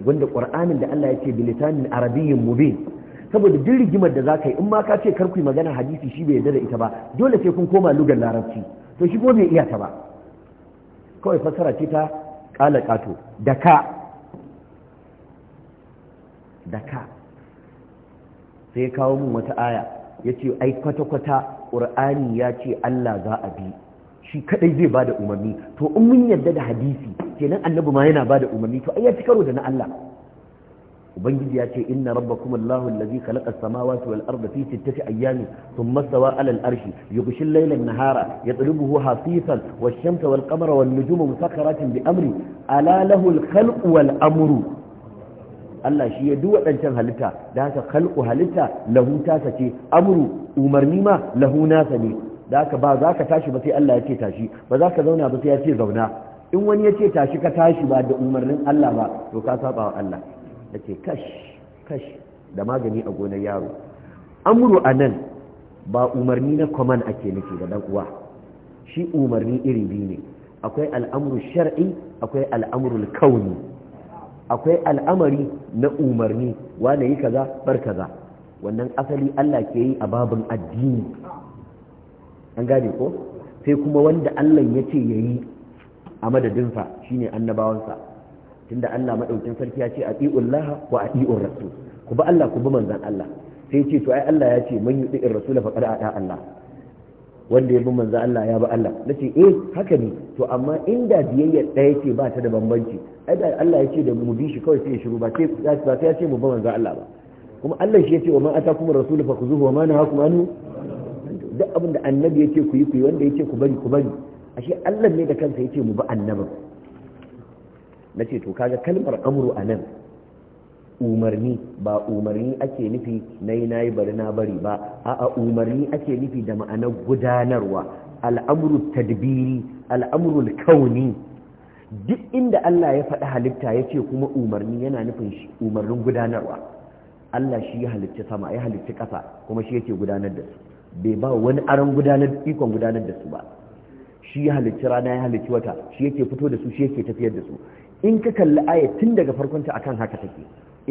wanda qur'anin da Allah ya ce bilisanin arabiyyin mubin saboda duk rigimar da za ka yi in ma ka ce kar ku yi magana hadisi shi bai yarda da ita ba dole sai kun koma lugar larabci to shi kuma bai iya ta ba kawai fassara ce ta kala kato da ka da ka sai kawo min wata aya ya ce ai kwata-kwata ƙur'ani ya ce Allah za a bi shi kadai zai bada umarni to in mun yarda da hadisi kenan annabi ma yana bada umarni to ai ya ci karo da na Allah ubangiji ya ce inna rabbakum allahu allazi khalaqa as-samawati wal arda fi sittati ayyamin thumma stawa 'ala al-arshi yughshi al-layla an-nahara yatlubuhu hasifan wash-shamsa wal-qamara wan-nujumu musakhkharatin bi amri ala lahu al-khalqu wal-amru Allah shi ya duk waɗancan halitta da haka khalqu halitta lahu tasa ce amru umarni ma lahu nasa ne da haka ba za ka tashi ba sai Allah ya ce tashi ba za ka zauna ba sai ya ce zauna in wani ya ce tashi ka tashi ba da umarnin Allah ba to ka saba wa Allah Dake ce kash kash da magani a gonar yaro amuru a nan ba umarni na kwaman ake nufi da dan uwa shi umarni iri biyu ne akwai al'amuru shar'i akwai al'amuru kauni akwai al'amari na umarni wane yi kaza bar kaza wannan asali Allah ke yi a babin addini an gane ko sai kuma wanda Allah ya ce ya yi a madadinsa shine annabawansa tunda Allah madaukin sarki ya ce atiullah wa atiur rasul ku bi Allah ku bi manzon Allah sai ce to ai Allah ya ce man yuti rasul faqad ata Allah wanda ya bi manzon Allah ya ba Allah nace eh haka ne to amma inda biyayya daya ce ba ta da bambanci ai da Allah ya ce da mu bi shi kawai sai ya shiru ba sai ba sai ya ce mu bi manzon Allah ba kuma Allah shi ya ce wa man atakum rasul fakhuzuhu wa man nahakum anhu duk abin da annabi yake ku yi ku yi wanda yake ku bari ku bari ashe Allah ne da kansa yake mu ba annabin na ce to kaga kalmar amru a nan umarni ba umarni ake nufi na yi na bari na bari ba a umarni ake nufi da ma'anar gudanarwa al'amuru tadbiri al'amurul kauni duk inda Allah ya faɗi halitta ya ce kuma umarni yana nufin umarnin gudanarwa Allah shi ya halitta sama ya halitta ƙasa kuma shi yake gudanar da su bai ba wani aron gudanar ikon gudanar da su ba shi ya halitta rana ya halitta wata shi yake fito da su shi yake tafiyar da su in ka kalli aya tun daga farkonta akan haka take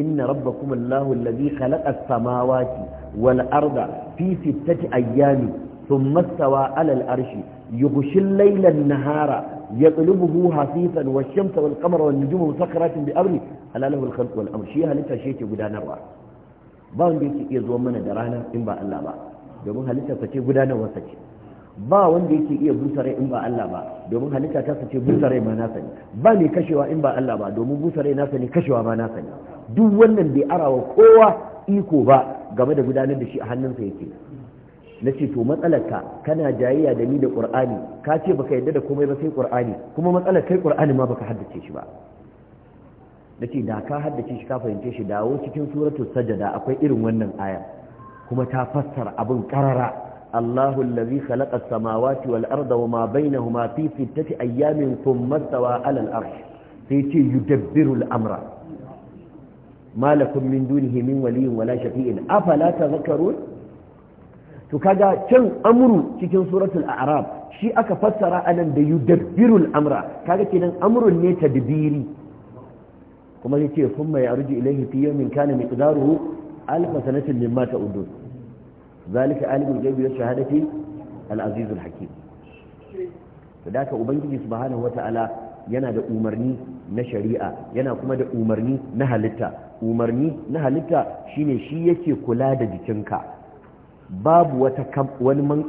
inna rabbakum allahu allazi khalaqa as-samawati wal arda fi sittati ayyami thumma stawa ala al-arshi yughshi al-layla an-nahara يطلبه حثيثا والشمس والقمر والنجوم مسخرات بأمره ألا له الخلق والأمر shi هلتا shi gudanar gudanarwa, ba wanda yake iya zuwa mana da rana in ba Allah ba domin halitta ta ce gudanarwa ce ba wanda yake iya busa rai in ba Allah ba domin halitta ta sace busa rai ma nasa ne ba mai kashewa in ba Allah ba domin busa rai nasa kashewa ma nasa ne duk wannan bai arawa kowa iko ba game da gudanar da shi a hannunsa yake na ce to ka kana jayayya da ni da qur'ani ka ce baka yadda da komai ba sai qur'ani kuma matsalar kai qur'ani ma baka haddace shi ba na ce da ka haddace shi ka fahimce shi dawo cikin suratul sajada akwai irin wannan aya kuma ta fassara abin karara الله الذي خلق السماوات والأرض وما بينهما في ستة أيام ثم استوى على الأرش سيتي يدبر الأمر ما لكم من دونه من ولي ولا شفيع أفلا تذكرون تكاجا كان أمر cikin suratul a'rab shi aka fassara anan da yudabbirul amra kaga kenan amru ne tadbiri kuma yace kuma ya arji ilahi fi yawmin kana miqdaruhu alf zalika alimul ghaibi shahada shahadati al-azizul hakim to da ubangiji subhanahu wata'ala yana da umarni na shari'a yana kuma da umarni na halitta umarni na halitta shine shi yake kula da jikinka babu wata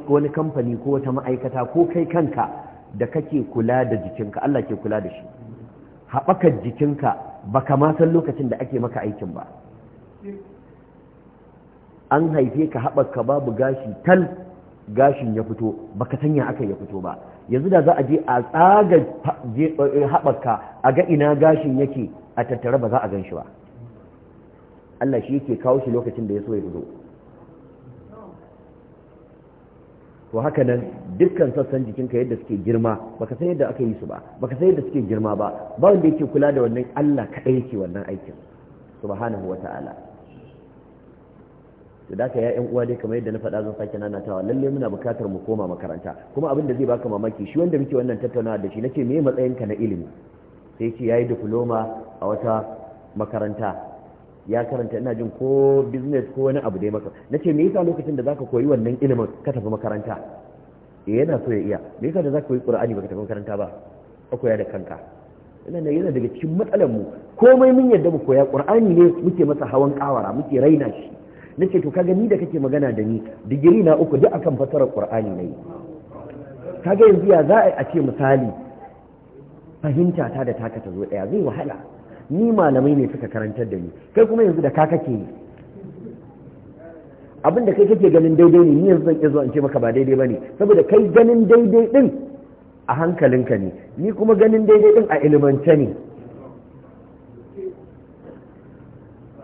wani kamfani ko wata ma'aikata ko kai kanka da kake kula da jikinka Allah ke kula da shi haɓakar jikinka baka ka ma san lokacin da ake maka aikin ba an haife ka haɓaka babu gashi tal gashin ya fito baka sanya aka ya fito ba yanzu da za a je a tsaga eh, haɓaka a ga ina gashin yake a tattare ba za a gan shi ba Allah shi yake kawo shi lokacin da ya so ya fito to haka nan dukkan sassan jikinka yadda suke girma baka san yadda aka yi su ba baka san yadda suke girma ba ba wanda yake kula da wannan Allah kaɗai yake wannan aikin subhanahu wa ta'ala to da ya yan uwa dai kamar yadda na faɗa zan sake ta lalle muna bukatar mu koma makaranta kuma abin da zai baka mamaki shi wanda muke wannan tattaunawa da shi nace me matsayin ka na ilimi sai ce yayi diploma a wata makaranta ya karanta ina jin ko business ko wani abu dai maka nace me yasa lokacin da zaka koyi wannan ilimin ka tafi makaranta eh yana so ya iya me yasa da zaka koyi qur'ani baka tafi makaranta ba ka koya da kanka ina ne yana daga cikin matsalar mu komai mun yadda mu koya qur'ani ne muke masa hawan kawara muke raina shi Na ce to kaga ni da kake magana da ni digiri na uku duk akan fasarar qur'ani nayi kaga yanzu ya za a ce misali fahimta ta da taka ta zo daya zai wahala ni malamai ne suka karantar da ni kai kuma yanzu da ka kake yi abin da kai kake ganin daidai ne ni yanzu zan iya in ce maka ba daidai bane saboda kai ganin daidai din a hankalinka ne ni kuma ganin daidai din a ilimance ne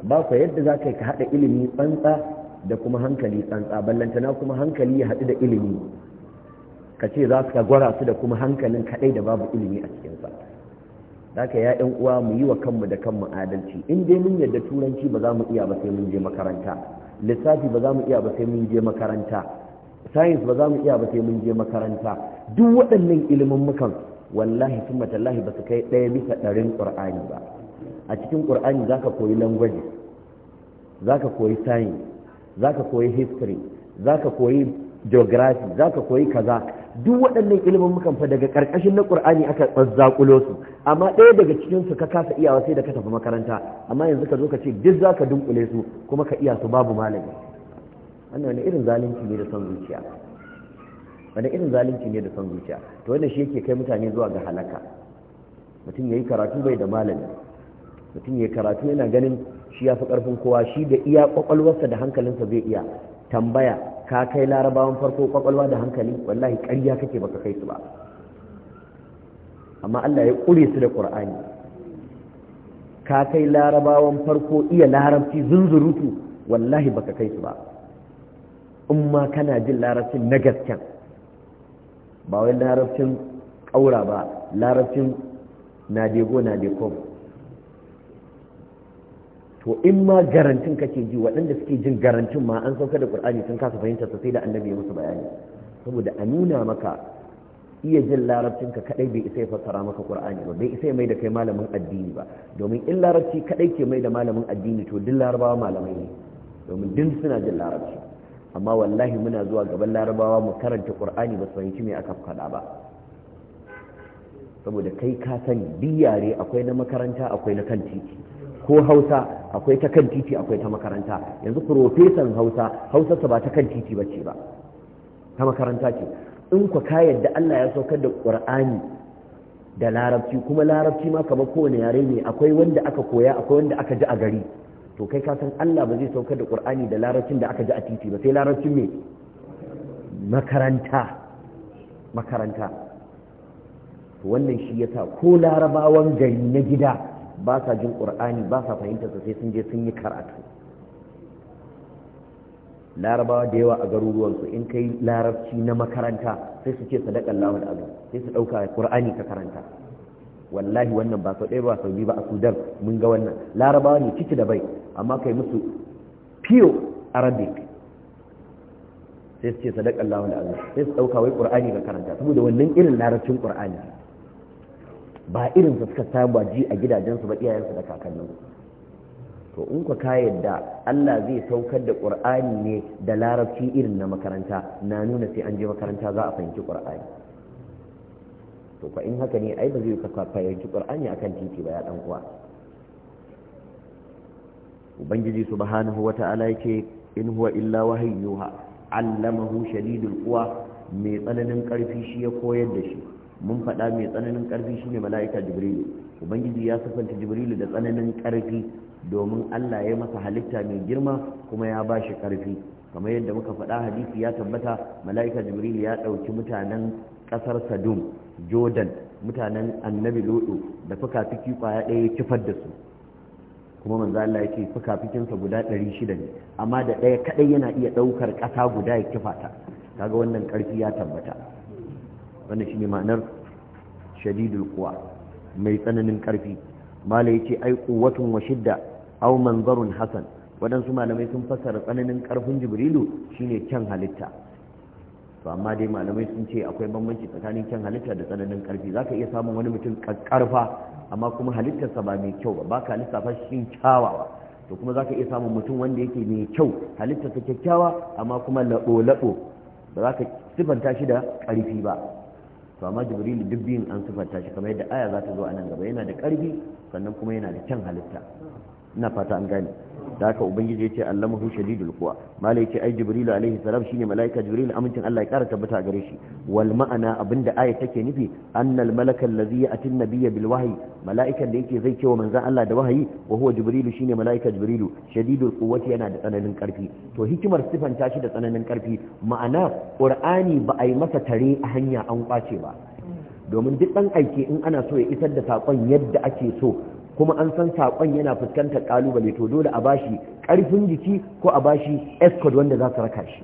ba ku yadda za ka yi ka haɗa ilimi tsantsa da kuma hankali tsantsa ballantana kuma hankali ya haɗu da ilimi ka ce za ka gwara su da kuma hankalin kaɗai da babu ilimi a cikinsa za ka ya ɗan uwa mu yi wa kanmu da kanmu adalci in dai mun yadda turanci ba za mu iya ba sai mun je makaranta lissafi ba za mu iya ba sai mun je makaranta science ba za mu iya ba sai mun je makaranta duk waɗannan ilimin mukan wallahi sun matallahi ba su kai ɗaya bisa ɗarin ƙur'ani ba a cikin ƙur'ani za ka koyi langwaji za ka koyi science za ka koyi history za ka koyi geography za ka koyi kaza duk waɗannan ilimin mukan fa daga ƙarƙashin na ƙur'ani aka zaƙulo su amma ɗaya daga cikin su ka kasa iyawa sai da ka tafi makaranta amma yanzu ka zo ka ce duk za ka dunkule su kuma ka iya su babu malami wannan wani irin zalunci ne da son zuciya wani irin zalunci ne da son zuciya to wannan shi yake kai mutane zuwa ga halaka mutum ya yi karatu bai da malami mutum ya yi karatu yana ganin shi ya fi ƙarfin kowa shi da iya ƙwaƙwalwarsa da hankalinsa zai iya tambaya ka kai larabawan farko ƙwaƙwalwa da hankali wallahi ƙarya kake baka kai su ba amma Allah ya ƙure su da ƙur'ani ka kai larabawan farko iya larabci zunzurutu wallahi baka kai su ba in ma kana jin larabcin na gasken ba wai larabcin ƙaura ba larabcin na nadego dekom to in ma garantin kake ji waɗanda suke jin garantin ma an sauka da ƙur'ani sun kasa fahimtar sai da annabi ya musu bayani saboda a nuna maka iya jin larabcin ka kadai bai isa ya fassara maka ƙur'ani, ba bai isa ya mai da kai malamin addini ba domin in larabci kadai ke mai da malamin addini to duk larabawa malamai ne domin duk suna jin larabci amma wallahi muna zuwa gaban larabawa mu karanta ƙur'ani, ba su fahimci mai aka faɗa ba saboda kai ka sani duk yare akwai na makaranta akwai na kan titi ko hausa akwai ta kan titi akwai ta makaranta yanzu profesan hausa hausarsa ba ta kan titi ba ce ba ta makaranta ce in ku ka yadda allah ya saukar da ƙur'ani da larabci kuma larabci ma kamar kowane yare ne akwai wanda aka koya akwai wanda aka ji a gari to kai ka san allah ba zai saukar da ƙur'ani da larabcin da aka ji a titi ba sai larabcin me makaranta makaranta wannan shi yasa ko larabawan gari na gida ba sa jin ƙur'ani ba sa fahimtar sai sun je sun yi karatu larabawa da yawa a garuruwansu in kai larabci na makaranta sai su ce sadakan lahul azam sai su ɗauka ƙur'ani ka karanta wallahi wannan ba sau ɗaya ba sau biyu ba a sudan mun ga wannan larabawa ne ciki da bai amma kai musu pure arabic sai su ce sadakan lahul azam sai su ɗauka wai ƙur'ani ka karanta saboda wannan irin larabcin ƙur'ani ba irin su suka saba ji a gidajensu ba iyayensu da kakanninsu to in ku ka yadda Allah zai saukar da Qur'ani ne da larabci irin na makaranta na nuna sai an je makaranta za a fahimci Qur'ani to fa in haka ne ai ba zai ka fahimci Qur'ani akan titi ba ya dan uwa ubangiji subhanahu wata'ala yake in huwa illa wahyuha allamahu shadidul quwa mai tsananin karfi shi ya koyar da shi mun faɗa mai tsananin ƙarfi shine mala'ika jibrilu ubangiji ya sufanta jibrilu da tsananin ƙarfi domin Allah ya masa halitta mai girma kuma ya ba shi ƙarfi kamar yadda muka faɗa hadisi ya tabbata mala'ika jibrilu ya ɗauki mutanen ƙasar sadum jordan mutanen annabi lodo da fuka-fiki kwaya ɗaya ya kifar da su kuma manzo Allah ce fuka-fikinsa guda ɗari shida ne amma da ɗaya kaɗai yana iya ɗaukar ƙasa guda ya kifa ta kaga wannan ƙarfi ya tabbata shi shine ma'anar shadidul quwa mai tsananin karfi mala yace ai quwwatun wa shidda aw manzarun hasan wadansu malamai sun fassara tsananin karfin jibrilu shine kyan halitta to amma dai malamai sun ce akwai bambanci tsakanin kyan halitta da tsananin karfi zaka iya samun wani mutum karfa amma kuma halittarsa ba mai kyau ba baka lissafa shi kyawawa to kuma zaka iya samun mutum wanda yake mai kyau halittarsa kyakkyawa amma kuma labo labo ba za ka sifanta shi da ƙarfi ba to amma jibril duk biyun an sifanta shi kamar yadda aya za ta zo a nan gaba yana da ƙarfi sannan kuma yana da kyan halitta ina fata an gane da haka ubangiji ya ce allamahu shadidul quwa malai ya ce ai jibrilu alaihi salam shine malaika jibril amincin Allah ya kara tabbata gare shi wal ma'ana abinda aya take nufi annal malaka allazi ya'ti an-nabiyya bil wahyi malaikan da yake zai kewa manzon Allah da wahayi wa huwa jibril shine malaika jibrilu shadidul quwwati yana da tsananin karfi to hikimar sifanta shi da tsananin karfi ma'ana qur'ani ba a yi masa tare a hanya an kwace ba domin duk ɗan aiki in ana so ya isar da saƙon yadda ake so kuma an san saƙon yana fuskantar ƙalubale to dole a bashi ƙarfin jiki ko a bashi escort wanda za su raka shi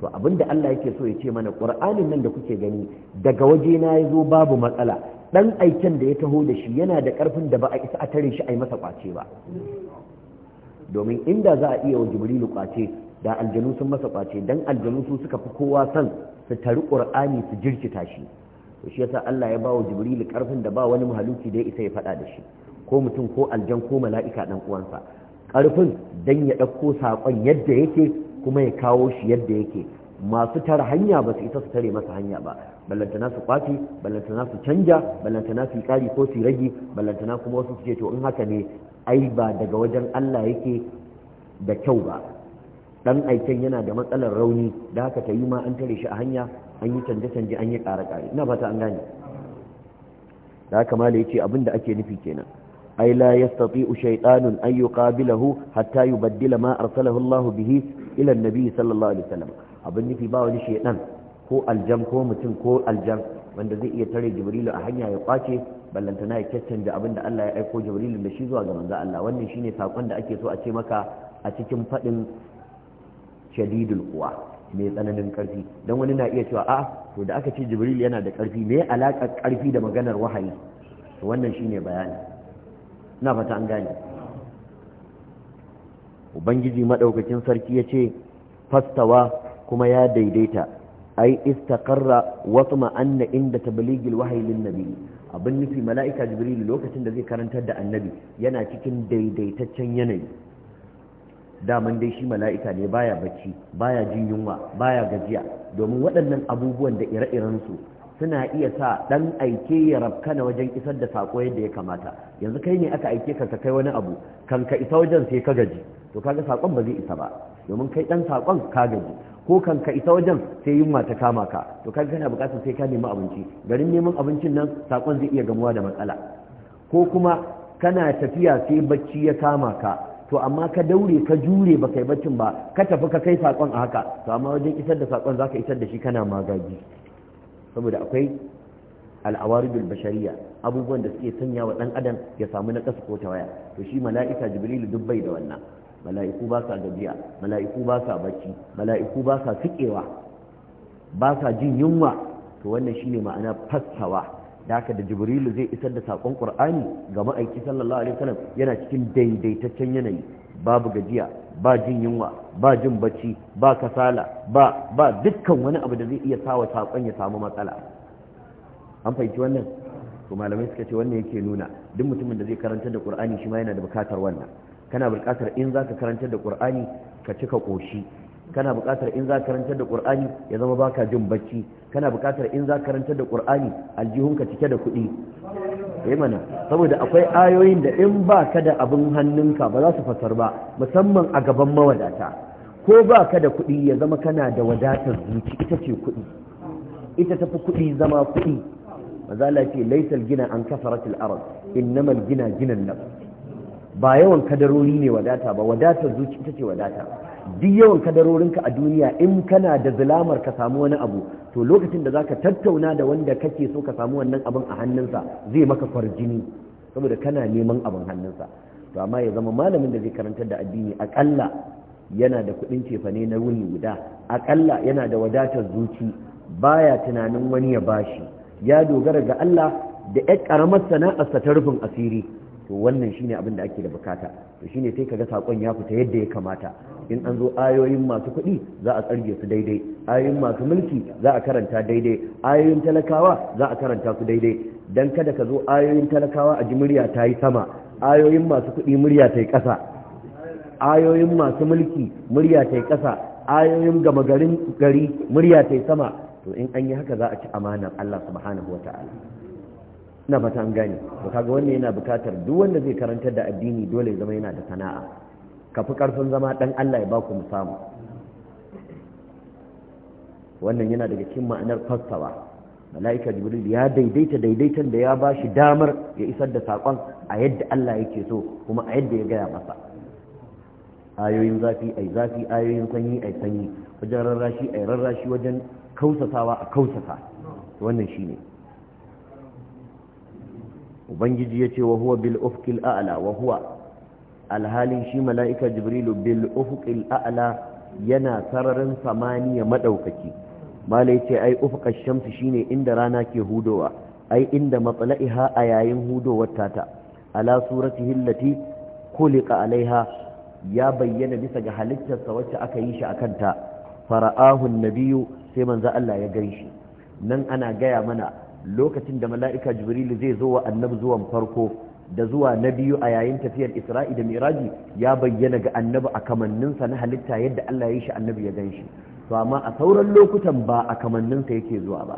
to abinda Allah yake so ya ce mana ƙur'anin nan da kuke gani daga waje na ya zo babu matsala ɗan aiken da ya taho da shi yana da ƙarfin da ba a isa a tare shi a yi masa ƙwace ba domin inda za a iya wa jibrilu ƙwace da aljanu sun masa ƙwace dan aljanu su suka fi kowa son su tari ƙur'ani su jirkita shi to shi yasa Allah ya ba wa jibrilu ƙarfin da ba wani mahaluki da ya isa ya faɗa da shi ko mutum ko aljan ko mala'ika dan uwansa Karfin dan ya ɗauko saƙon yadda yake kuma ya kawo shi yadda yake masu tara hanya ba su isa su tare masa hanya ba ballantana su kwafi ballantana su canja ballantana su kari ko su rage ballantana kuma wasu su ce to in haka ne ai ba daga wajen Allah yake da kyau ba dan aiken yana da matsalar rauni da haka ta yi ma an tare shi a hanya an yi canje-canje an yi ƙara-ƙari ina fata an gane da haka ma yake abin da ake nufi kenan أي لا يستطيع شيطان أن يقابله حتى يبدل ما أرسله الله به إلى النبي صلى الله عليه وسلم أبن في باوة الشيطان هو الجم هو متن هو الجم من ذي يتري جبريل أحيانا يقاتي بل أنت ناي كتن دا أبن دا الله يأيكو جبريل لشيزو أغا من ذا الله وأن شيني ساقن دا أكي سوء أتيمكا أتيكم فأن شديد القوى mai tsananin ƙarfi don wani na iya cewa a to da aka ce jibril yana da ƙarfi me alaƙar ƙarfi da maganar wahayi wannan shine bayani na fata an gane ubangiji madaukakin sarki ya ce, fastawa kuma ya daidaita ai istaqarra watma anna inda tabligil wahyi lin nabi abin nufi mala'ika jibril lokacin da zai karantar da annabi yana cikin daidaitaccen yanayi daman dai shi mala'ika ne baya bacci baya jin yunwa baya gajiya domin waɗannan abubuwan da ire iren su. suna iya sa dan aike ya rabkana wajen isar da sako yadda ya kamata yanzu kai ne aka aike ka kai wani abu kan ka isa wajen sai ka gaji to kaga sakon ba zai isa ba domin kai dan sakon ka gaji ko kan ka isa wajen sai yunwa ta kama ka to kaga kana bukatar sai ka nemi abinci garin neman abincin nan sakon zai iya gamuwa da matsala ko kuma kana tafiya sai bacci ya kama ka to amma ka daure ka jure ba kai baccin ba ka tafi ka kai sakon a haka to amma wajen isar da sakon zaka isar da shi kana magaji saboda akwai al'awaridul bashariya abubuwan da suke sanya wa dan adam ya samu na kasa ko ta waya. to shi mala'ika jibrilu duk bai da wannan mala'iku ba sa gajiya mala'iku ba sa bacci mala'iku ba sa fikewa ba sa jin yunwa to wannan shine ma'ana fassawa da haka da jibrilu zai isar da sakon ƙur'ani ga ma'aiki sallallahu alaihi wasallam yana cikin daidaitaccen yanayi babu gajiya ba jin yunwa ba jin bacci ba kasala ba ba dukkan wani abu da zai iya sawa sakon ya samu matsala an fahimci wannan to malamai suka ce wannan yake nuna duk mutumin da zai karanta da qur'ani shi ma yana da bukatar wannan kana bukatar in za ka karanta da qur'ani ka cika koshi kana buƙatar in za karantar da ƙur'ani ya zama baka jin bacci kana bukatar in za karantar da ƙur'ani aljihunka cike da kuɗi eh mana saboda akwai ayoyin da in ba ka da abin hannunka ba za su fasar ba musamman a gaban mawadata ko ba ka da kuɗi ya zama kana da wadatar zuci ita ce kuɗi ita tafi kuɗi zama kuɗi mazala ce laifin gina an kasaratul arab innamal gina ginan nan ba yawan kadarori ne wadata ba wadatar zuci ita ce wadata duk yawan kadarorinka a duniya in kana da zulamar ka samu wani abu to lokacin da zaka tattauna da wanda kake so ka samu wannan abin a hannunsa zai maka farjini saboda kana neman abin hannunsa to amma ya zama malamin da zai karantar da addini akalla yana da kuɗin cefane na wuni guda akalla yana da wadatar zuci baya tunanin wani ya bashi ya dogara ga Allah da ƴar ƙaramar sana'arsa ta rufin asiri to wannan shine abin da ake da bukata to shine sai kaga sakon ya fita yadda ya kamata in an zo ayoyin masu kuɗi za a tsarge su daidai ayoyin masu mulki za a karanta daidai ayoyin talakawa za a karanta su daidai dan kada ka zo ayoyin talakawa a ji murya ta yi sama ayoyin masu kuɗi murya ta yi ƙasa ayoyin masu mulki murya ta yi ƙasa ayoyin gama garin gari murya ta yi sama to in an yi haka za a ci amanar Allah subhanahu wa ta'ala na fata an gane to kaga wannan yana bukatar duk wanda zai karanta da addini dole ya zama yana da sana'a ka fi karfin zama dan Allah ya baku mu wannan yana daga cikin ma'anar fassawa mala'ika jibril ya daidaita daidaitan da ya ba shi damar ya isar da saƙon a yadda Allah yake so kuma a yadda ya gaya masa ayoyin zafi ai zafi ayoyin sanyi ai sanyi wajen rarrashi ai rarrashi wajen kausatawa a kausata wannan shine ne ubangiji ya ce wa huwa bil ufqil a'la wa huwa alhalin shi mala'ika jibrilu bil ufqil a'la yana sararin samaniya madaukaki malai ce ai ufqash shamsi shine inda rana ke hudowa ai inda matsala'iha a yayin hudowar tata ala suratihi allati khuliqa alaiha ya bayyana bisa ga halittarsa wacce aka yi shi akan ta fara'ahu an sai manzo Allah ya ganshi nan ana gaya mana lokacin da mala'ika jibrilu zai zo wa annabi zuwan farko da zuwa na biyu a yayin tafiyar isra'i da miraji ya bayyana ga annabi a kamanninsa na halitta yadda allah ya yi shi annabi ya gan shi to amma a sauran lokutan ba a kamanninsa yake zuwa ba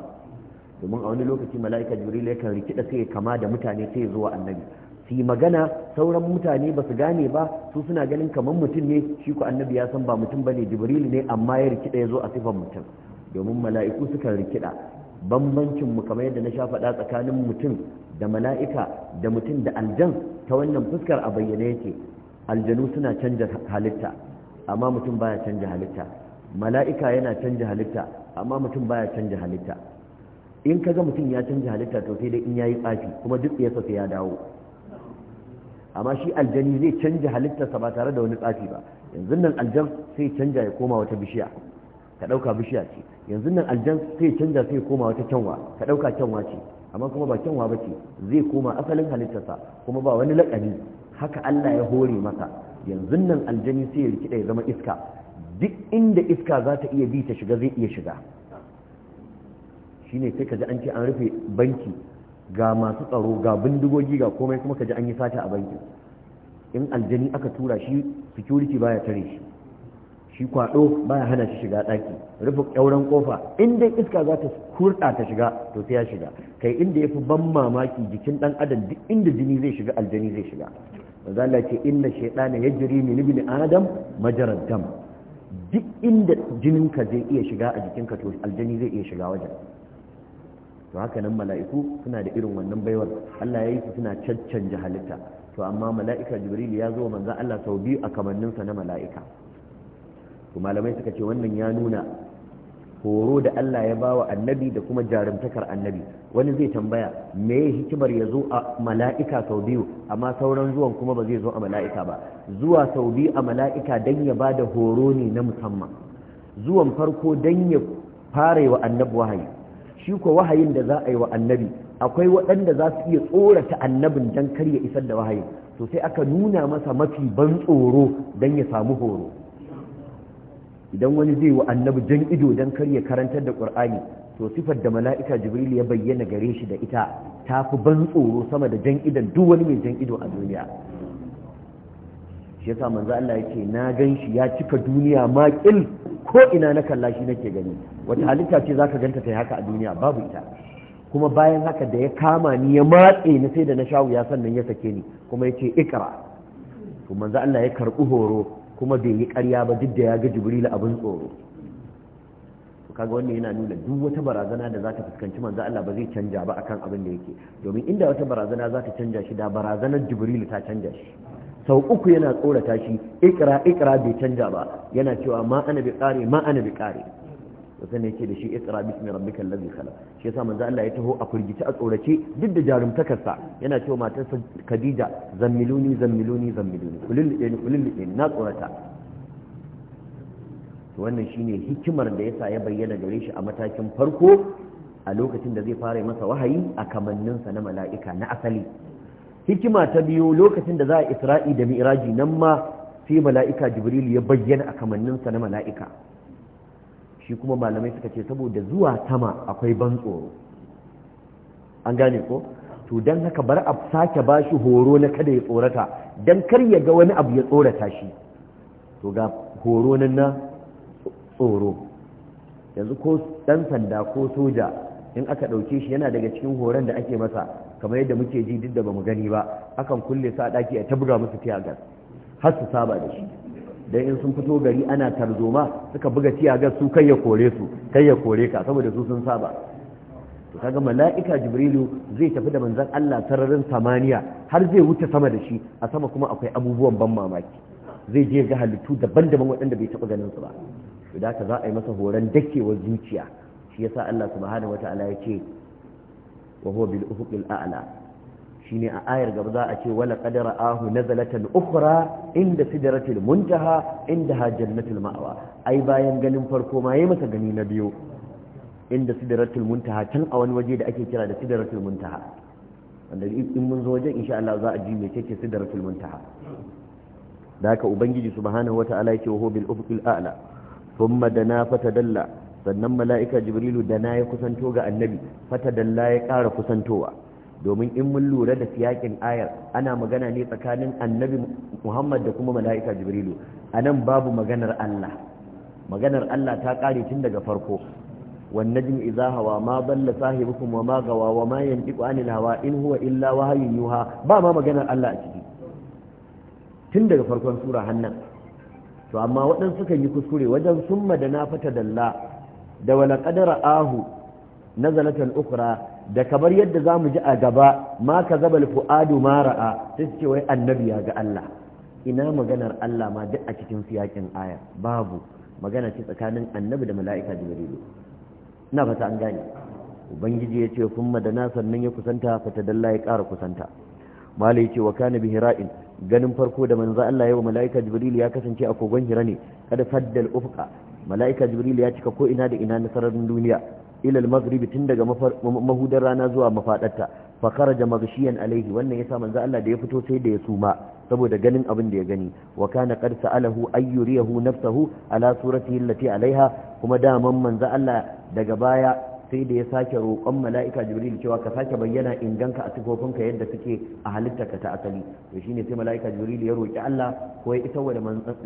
domin a wani lokaci mala'ika jibril yakan rikida sai kama da mutane sai ya zuwa annabi Si magana sauran mutane ba su gane ba su suna ganin kamar mutum ne shi ku annabi ya san ba mutum ba ne, jibrilu ne amma ya rikida ya zo a sifan mutum domin mala'iku sukan rikida bambancin mu kamar yadda na sha faɗa tsakanin mutum da mala'ika da mutum da aljan ta wannan fuskar a bayyane yake aljanu suna canja halitta amma mutum baya canja halitta mala'ika yana canja halitta amma mutum baya canja halitta in kaga mutum ya canja halitta to sai dai in yayi tsafi kuma duk ya sai ya dawo amma shi aljani zai canja halittarsa ba tare da wani tsafi ba yanzu nan aljan sai canja ya koma wata bishiya ka ɗauka bishiya ce yanzu nan aljan sai canza sai koma wata kyanwa ka ɗauka kyanwa ce amma kuma ba kyanwa ba ce zai koma asalin halittarsa kuma ba wani lakabi haka Allah ya hore masa yanzu nan aljani sai ya rikida ya zama iska duk inda iska za ta iya bi ta shiga zai iya shiga shine sai kaji an ce an rufe banki ga masu tsaro ga bindigogi ga komai kuma kaji an yi sata a bankin in aljani aka tura shi security baya tare shi shi kwaɗo baya hana shi shiga ɗaki rufe ƙyauren ƙofa in iska za ta hurɗa ta shiga to sai ya shiga kai inda ya fi ban mamaki jikin ɗan adam duk inda jini zai shiga aljani zai shiga manzo Allah ce inna shaytana yajri min ibni adam majarad dam duk inda jininka zai iya shiga a jikinka to aljani zai iya shiga wajen to haka nan mala'iku suna da irin wannan baiwar Allah ya yi su suna caccanja halitta to amma mala'ika jibril ya zo manzo Allah sau biyu a kamanninsa na mala'ika to malamai suka ce wannan ya nuna horo da Allah ya bawa annabi da kuma jarumtakar annabi wani zai tambaya me hikimar ya zo a mala'ika sau biyu amma sauran zuwan kuma ba zai zo a mala'ika ba zuwa sau biyu a mala'ika don ya ba da horo ne na musamman zuwan farko don ya fara wa annabi wahayi shi ko wahayin da za a yi wa annabi akwai waɗanda za su iya tsorata annabin don kar ya isar da wahayin to sai aka nuna masa mafi ban tsoro don ya samu horo idan wani zai wa annabi jan ido don karya karantar da qur'ani to sifar da mala'ika jibril ya bayyana gare shi da ita ta fi ban tsoro sama da jan idon duk wani mai jan ido a duniya shi yasa manzo Allah yake na gan shi ya cika duniya maƙil ko ina na kalla shi nake gani wata halitta ce zaka ganta ta haka a duniya babu ita kuma bayan haka da ya kama ni ya matse ni sai da na shawu ya sannan ya sake ni kuma yake ikra to manzo Allah ya karɓi horo kuma bai yi ƙarya ba duk da ya ga jibril abin tsoro kaga wannan yana nuna duk wata barazana da za ta fuskanci manzo Allah ba zai canja ba akan abin da yake domin inda wata barazana za ta canja shi da barazanar Jibril ta canja shi sau uku yana tsorata shi ikra ikra bai canja ba yana cewa ma ana bi kare ma ana bi kare wasan ne ce da shi ikra bismi rabbika allazi khalaq shi yasa manzo Allah ya taho a furgice a tsorace duk da jarumtakarsa yana cewa matarsa Khadija zammiluni zammiluni zammiluni kulilli kulilli na tsorata to wannan shine hikimar da yasa ya bayyana gare shi a matakin farko a lokacin da zai fara masa wahayi a kamanninsa na mala'ika na asali hikima ta biyu lokacin da za a isra'i da mi'raji nan ma sai mala'ika jibril ya bayyana a kamanninsa na mala'ika shi kuma malamai suka ce saboda zuwa sama akwai ban tsoro an gane ko to don haka bar a sake ba shi horo na kada ya tsorata don kar ya ga wani abu ya tsorata shi to ga horo nan na tsoro yanzu ko ɗan sanda ko soja in aka ɗauke shi yana daga cikin horon da ake masa kamar yadda muke ji duk da ba mu gani ba akan kulle sa a ɗaki a tabga musu tiyagar har su saba da shi dan in sun fito gari ana tarzoma suka buga tiyagar su kai ya kore su kai ya kore ka saboda su sun saba to kaga mala'ika jibrilu zai tafi da manzon Allah sararin samaniya har zai wuce sama da shi a sama kuma akwai abubuwan ban mamaki zai je ga halittu daban-daban waɗanda bai taɓa ganin su ba to da za a yi masa horon dakewa zuciya shi yasa Allah subhanahu wataala ya ce wa huwa bil ufuqil a'la shine a ayar gaba za a ce wala qadara ahu nazalatan ukhra inda sidratil muntaha indaha jannatul ma'wa ai bayan ganin farko ma yayi masa gani na biyu inda sidratul muntaha can a wani waje da ake kira da sidratul muntaha wanda in mun zo wajen insha Allah za a ji me ce sidratul muntaha da haka ubangiji subhanahu wata'ala yake wa bil ufqil a'la thumma dana fatadalla sannan mala'ika jibrilu dana ya kusanto ga annabi fatadalla ya kara kusantowa domin in mun lura da siyakin ayar ana magana ne tsakanin annabi muhammad da kuma mala'ika jibrilu a nan babu maganar allah maganar allah ta ƙare tun daga farko والنجم إذا هوى ما ضل صاحبكم وما غوى وما ينطق عن الهوى إن هو إلا وحي يوحى با ما maganar Allah a ciki tun daga farkon sura hannan to amma waɗansu sukan yi kuskure wajen summa da na fata dalla da wala qadara ahu nazalatan ukhra da kamar yadda za mu ji a gaba ma ka zaba fu'adu ma ra'a sai ce wai annabi ya ga Allah ina maganar Allah ma duk a cikin siyakin aya babu magana ce tsakanin annabi da mala'ika jibrilu ina fata an gane ubangiji ya ce kun madana sannan ya kusanta fata dalla ya ƙara kusanta mala ya ce wa kana bi hira'in ganin farko da manzo Allah yawa mala'ika jibrilu ya kasance a kogon hira ne kada faddal ufqa mala'ika jibrilu ya cika ko ina da ina na sararin duniya ila al tun daga mahudar rana zuwa mafadarta fa kharaja maghshiyan alayhi wannan yasa manzo Allah da ya fito sai da ya suma saboda ganin abin da ya gani wa kana qad sa'alahu ay yuriyahu nafsahu ala suratihi allati alaiha kuma daman manzo Allah daga baya sai da ya sake roƙon mala'ika jibril cewa ka sake bayyana inganka a tufofinka yadda suke a halittarka ta asali to shine sai mala'ika jibril ya roƙi Allah ko ya isa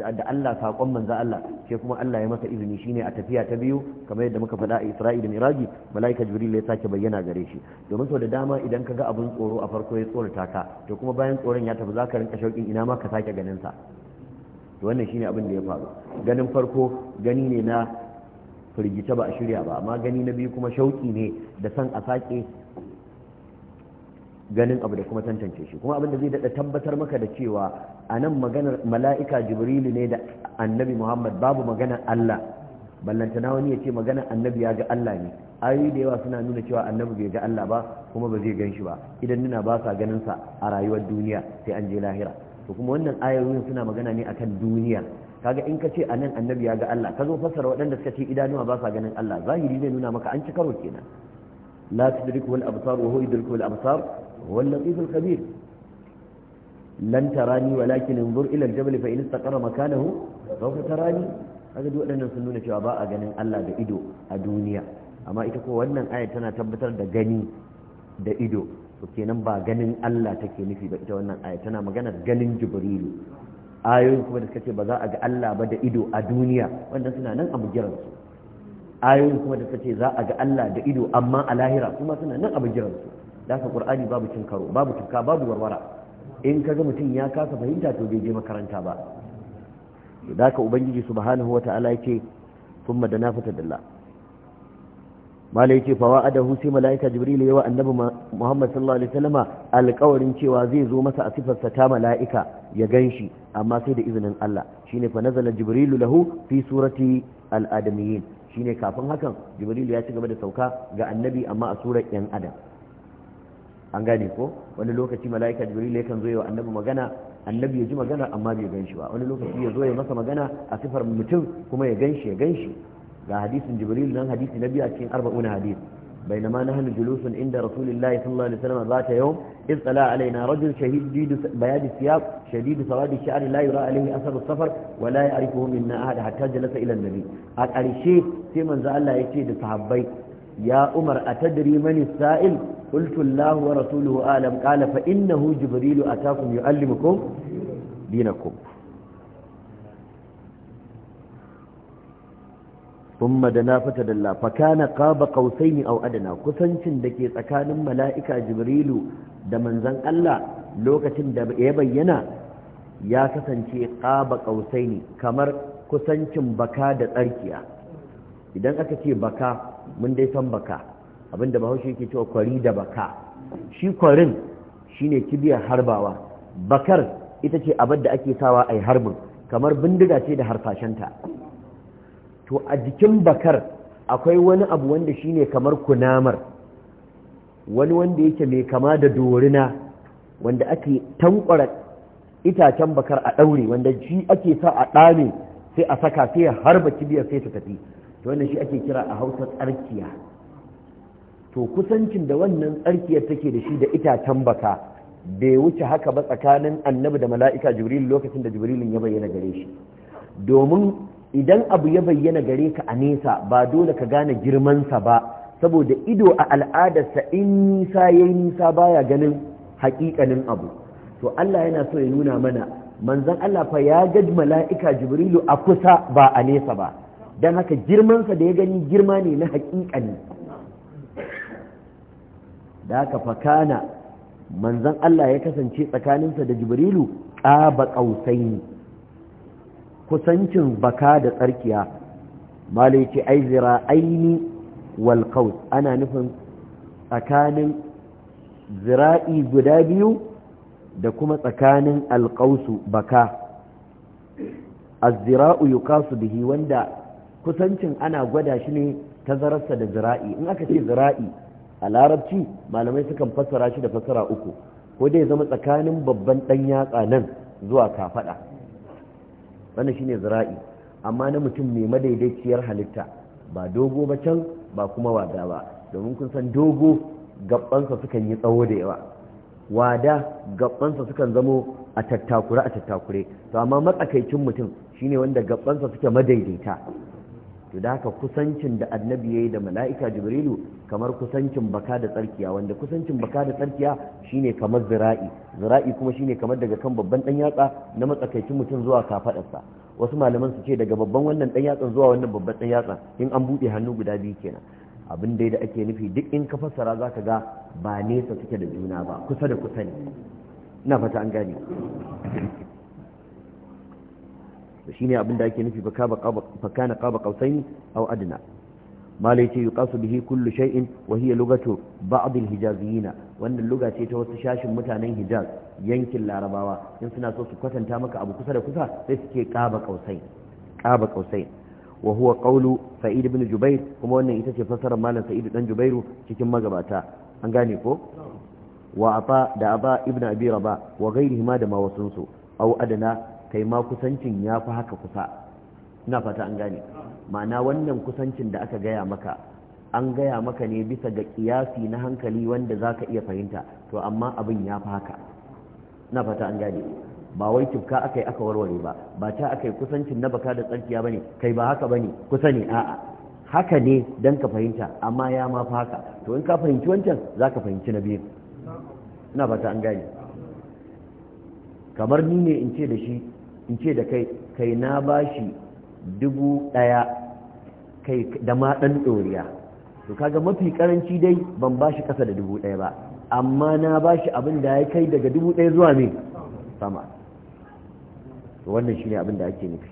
da da Allah saƙon manzo Allah sai kuma Allah ya masa izini shine a tafiya ta biyu kamar yadda muka faɗa a Isra'il da Miraji mala'ika jibril ya sake bayyana gare shi domin sau da dama idan ka ga abin tsoro a farko ya tsorata ka to kuma bayan tsoron ya tafi zaka rinka shauƙin ina ma ka sake ganin sa to wannan shine abin da ya faru ganin farko gani ne na firgice ba a shirya ba amma gani na biyu kuma shauki ne da san a sake ganin abu da kuma tantance shi kuma abin da zai daɗa tabbatar maka da cewa a nan maganar mala'ika jibrilu ne da annabi muhammad babu maganar allah ballantana wani ya ce maganar annabi ya ga allah ne ayoyi da yawa suna nuna cewa annabi bai ga allah ba kuma ba zai gan shi ba idan nuna ba sa ganin sa a rayuwar duniya sai an je lahira to kuma wannan ayoyin suna magana ne akan duniya kaga in ka ce a nan annabi ya ga Allah ka zo fassara waɗanda suka ce idanuwa ba sa ganin Allah zahiri zai nuna maka an ci karo kenan la tudriku al absar wa huwa yudriku al absar wal latif al khabir lan tarani walakin anzur ila al jabal fa in istaqara makanahu sawfa tarani kaga duk waɗannan sun nuna cewa ba a ganin Allah da ido a duniya amma ita ko wannan aya tana tabbatar da gani da ido to kenan ba ganin Allah take nufi ba ita wannan aya tana maganar ganin Jibrilu ayoyin kuma da suka ce ba za a ga Allah ba da ido a duniya wannan suna nan a bugiransu ayoyin kuma da suka ce za a ga Allah da ido amma a lahira kuma suna nan a bugiransu da haka qur'ani babu cin karo babu tuka babu warwara in ka ga mutum ya kasa fahimta to bai je makaranta ba da haka ubangiji subhanahu wata'ala yake thumma dana fata dalla malai ce fa wa'adahu sai mala'ika jibril wa annabi muhammad sallallahu alaihi wasallama alƙawarin cewa zai zo masa a sifarsa ta mala'ika ya ganshi amma sai da izinin Allah shine fa nazala jibril lahu fi surati al adamiyin shine kafin hakan jibril ya ci gaba da sauka ga annabi amma a surar yan adam an gane ko wani lokaci mala'ika jibril yakan zo yawa annabi magana annabi ya ji magana amma bai ganshi ba wani lokaci ya zo ya masa magana a sifar mutum kuma ya ganshi ya ganshi ga hadisin jibril dan hadisi na biyu a cikin arba'una hadis بينما نحن جلوس عند رسول الله صلى الله عليه وسلم ذات يوم إذ طلع علينا رجل شديد بياد الثياب شديد سواد الشعر لا يرى عليه أثر السفر ولا يعرفه منا أحد حتى جلس إلى النبي الشيء في من زال الله يشيد صحابي يا أمر أتدري من السائل قلت الله ورسوله أعلم قال فإنه جبريل أتاكم يؤلمكم دينكم ثم دنا فتدلى فكان قاب قوسين tsakanin أدنى كسنشن دكي تكان ملائكة جبريل دمن زن الله ya يبينا يا كسنشي قاب قوسين كمر كسنشن بكا دتركيا idan aka ce baka mun dai san baka abinda bahaushe yake cewa kwari da baka shi kwarin shine kibiyar harbawa bakar ita ce abin da ake sawa a harbin kamar bindiga ce da harfashenta to a jikin bakar akwai wani abu wanda shine kamar kunamar wani wanda yake mai kama da dorina wanda ake tankwara itacen bakar a ɗaure wanda shi ake sa a ɗame sai a saka sai ya harba kibiyar sai ta tafi to wannan shi ake kira a hausa tsarkiya to kusancin da wannan tsarkiyar take da shi da itacen baka bai wuce haka ba tsakanin annabi da mala'ika jibril lokacin da jibrilin ya bayyana gare shi domin idan abu ya bayyana gare ka a nesa ba dole ka gane girmansa ba saboda ido a al'adarsa in nisa ya yi nisa baya ganin haƙiƙanin abu to Allah yana so ya nuna mana manzon Allah fa ya ga mala'ika Jibrilu a kusa ba a nesa ba don haka girmansa da ya gani girma ne na haƙiƙani da haka fakana manzon Allah ya kasance tsakaninsa da Jibrilu ƙaba ne. kusancin baka da tsarkiya malai ce ai wal qaus ana nufin tsakanin zira'i guda biyu da kuma tsakanin alkausu baka azira'u yuqasu bihi wanda kusancin ana gwada shi ne tazararsa da zira'i in aka ce zira'i a larabci malamai sukan fassara shi da fassara uku ko dai zama tsakanin babban ɗan yatsa nan zuwa kafaɗa wannan shine zira'i amma na mutum mai madaidaiciyar halitta ba dogo ba can ba kuma wada ba domin kun san dogo gabansa sukan yi tsawo da yawa wada gabansa sukan zamo a tattakure a tattakure to amma matsakaicin mutum shine wanda gabansa suke madaidaita to haka kusancin da annabi yayi da mala'ika jibrilu kamar kusancin baka da tsarkiya wanda kusancin baka da tsarkiya shine kamar zira'i zira'i kuma shine kamar daga kan babban dan yatsa na matsakaicin mutum zuwa kafadarsa wasu malaman su ce daga babban wannan dan yatsan zuwa wannan babban dan yatsan in an bude hannu guda biyu kenan abin dai da ake nufi duk in ka fassara ka ga ba nesa suke da juna ba kusa da kusa ne ina fata an gane to shine abin da ake nufi fakana qaba qausain aw adna malai ce yuqasu bihi kullu shay'in wa hiya lugatu ba'd al-hijaziyin wannan luga ce ta wasu shashin mutanen hijaz yankin larabawa in suna so su kwatanta maka abu kusa da kusa sai suke qaba qausain qaba qausain wa huwa qawlu sa'id ibn jubair kuma wannan ita ce fassarar malam sa'id dan jubairu cikin magabata an gane ko wa ata da aba ibn abi rabah wa ghairihi ma da ma wasunsu aw adana kai ma kusancin ya fi haka kusa ina fata an gane ma'ana wannan kusancin da aka gaya maka an gaya maka ne bisa ga kiyasi na hankali wanda za ka iya fahimta to amma abin ya fi haka ina fata an gane ba wai cifka aka yi aka warware ba ba ta aka yi kusancin na baka da tsarkiya ba ne kai ba haka ba ne kusa ne a'a haka ne don ka fahimta amma ya ma fi haka to in ka fahimci wancan za ka fahimci na biyu ina fata an gane kamar ni ne in ce da shi in ce da kai kai na bashi dubu ɗaya kai da ma ɗan ɗoriya to kaga mafi karanci dai ban bashi kasa da dubu ɗaya ba amma na bashi abin da ya kai daga dubu ɗaya zuwa ne sama to wannan shine abin da ake nufi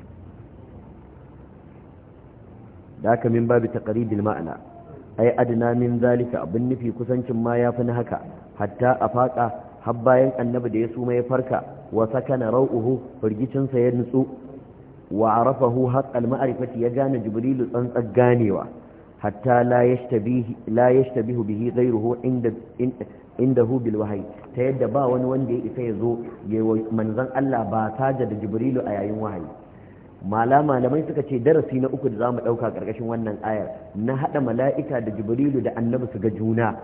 da haka min babu taqridil ma'ana ai adna min zalika abin nufi kusancin ma yafi na haka hatta a faƙa har bayan annabi da ya suma ya farka wa sakana rau'uhu firgicinsa ya nutsu wa arafahu haqqal ya gane jibrilu tsantsar ganewa hatta la yashtabihi la yashtabihu bihi inda indahu bil ta yadda ba wani wanda ya isa ya zo ya manzon Allah ba taja da jibrilu a yayin wahayi mala malamai suka ce darasi na uku da za mu ɗauka karkashin wannan ayar na haɗa mala'ika da jibrilu da annabi su ga juna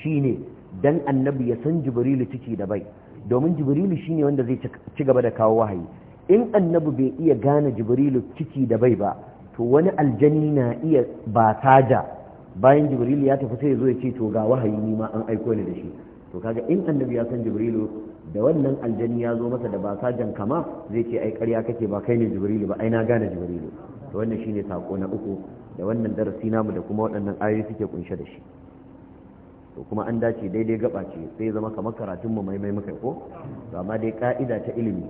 shine dan annabi ya san jibrilu ciki da bai domin jibrilu shine wanda zai ci gaba da kawo wahayi in annabi bai iya gane jibrilu ciki da bai ba to wani aljanni na iya ba taja bayan jibrilu ya tafi sai ya zo ya ce to ga wahayi ni ma an aiko ni da shi to kaga in annabi ya san jibrilu da wannan aljani ya zo masa da ba sajan kama zai ce ai ƙarya kake ba kai ne jibrilu ba ai na gane jibrilu to wannan shine sako na uku da wannan darasi namu da kuma waɗannan ayoyi suke kunshe da shi to kuma an dace daidai gaba ce sai zama kamar karatun mu mai muka ko to amma dai ka'ida ta ilimi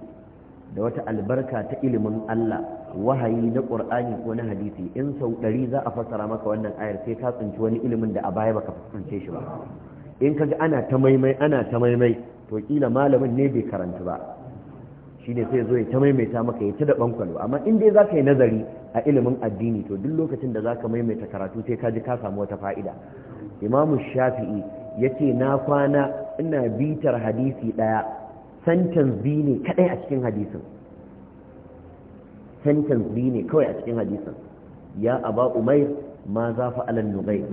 da wata albarka ta ilimin Allah wahayi na Qur'ani ko na hadisi in sau ɗari za a fassara maka wannan ayar sai ka tsinci wani ilimin da a baya baka tsince shi ba in kaga ana ta maimai ana ta maimai to kila malamin ne bai karanta ba shine sai zo ya ta maimaita maka ya ci da bankwalo amma in dai zaka yi nazari a ilimin addini to duk lokacin da zaka maimaita karatu sai ka ji ka samu wata fa'ida imamu shafi'i ya ce na kwana ina bitar hadisi ɗaya sentence biyu ne kaɗai a cikin hadisin sentence biyu ne kawai a cikin hadisin ya aba umair ma za fa alan nugai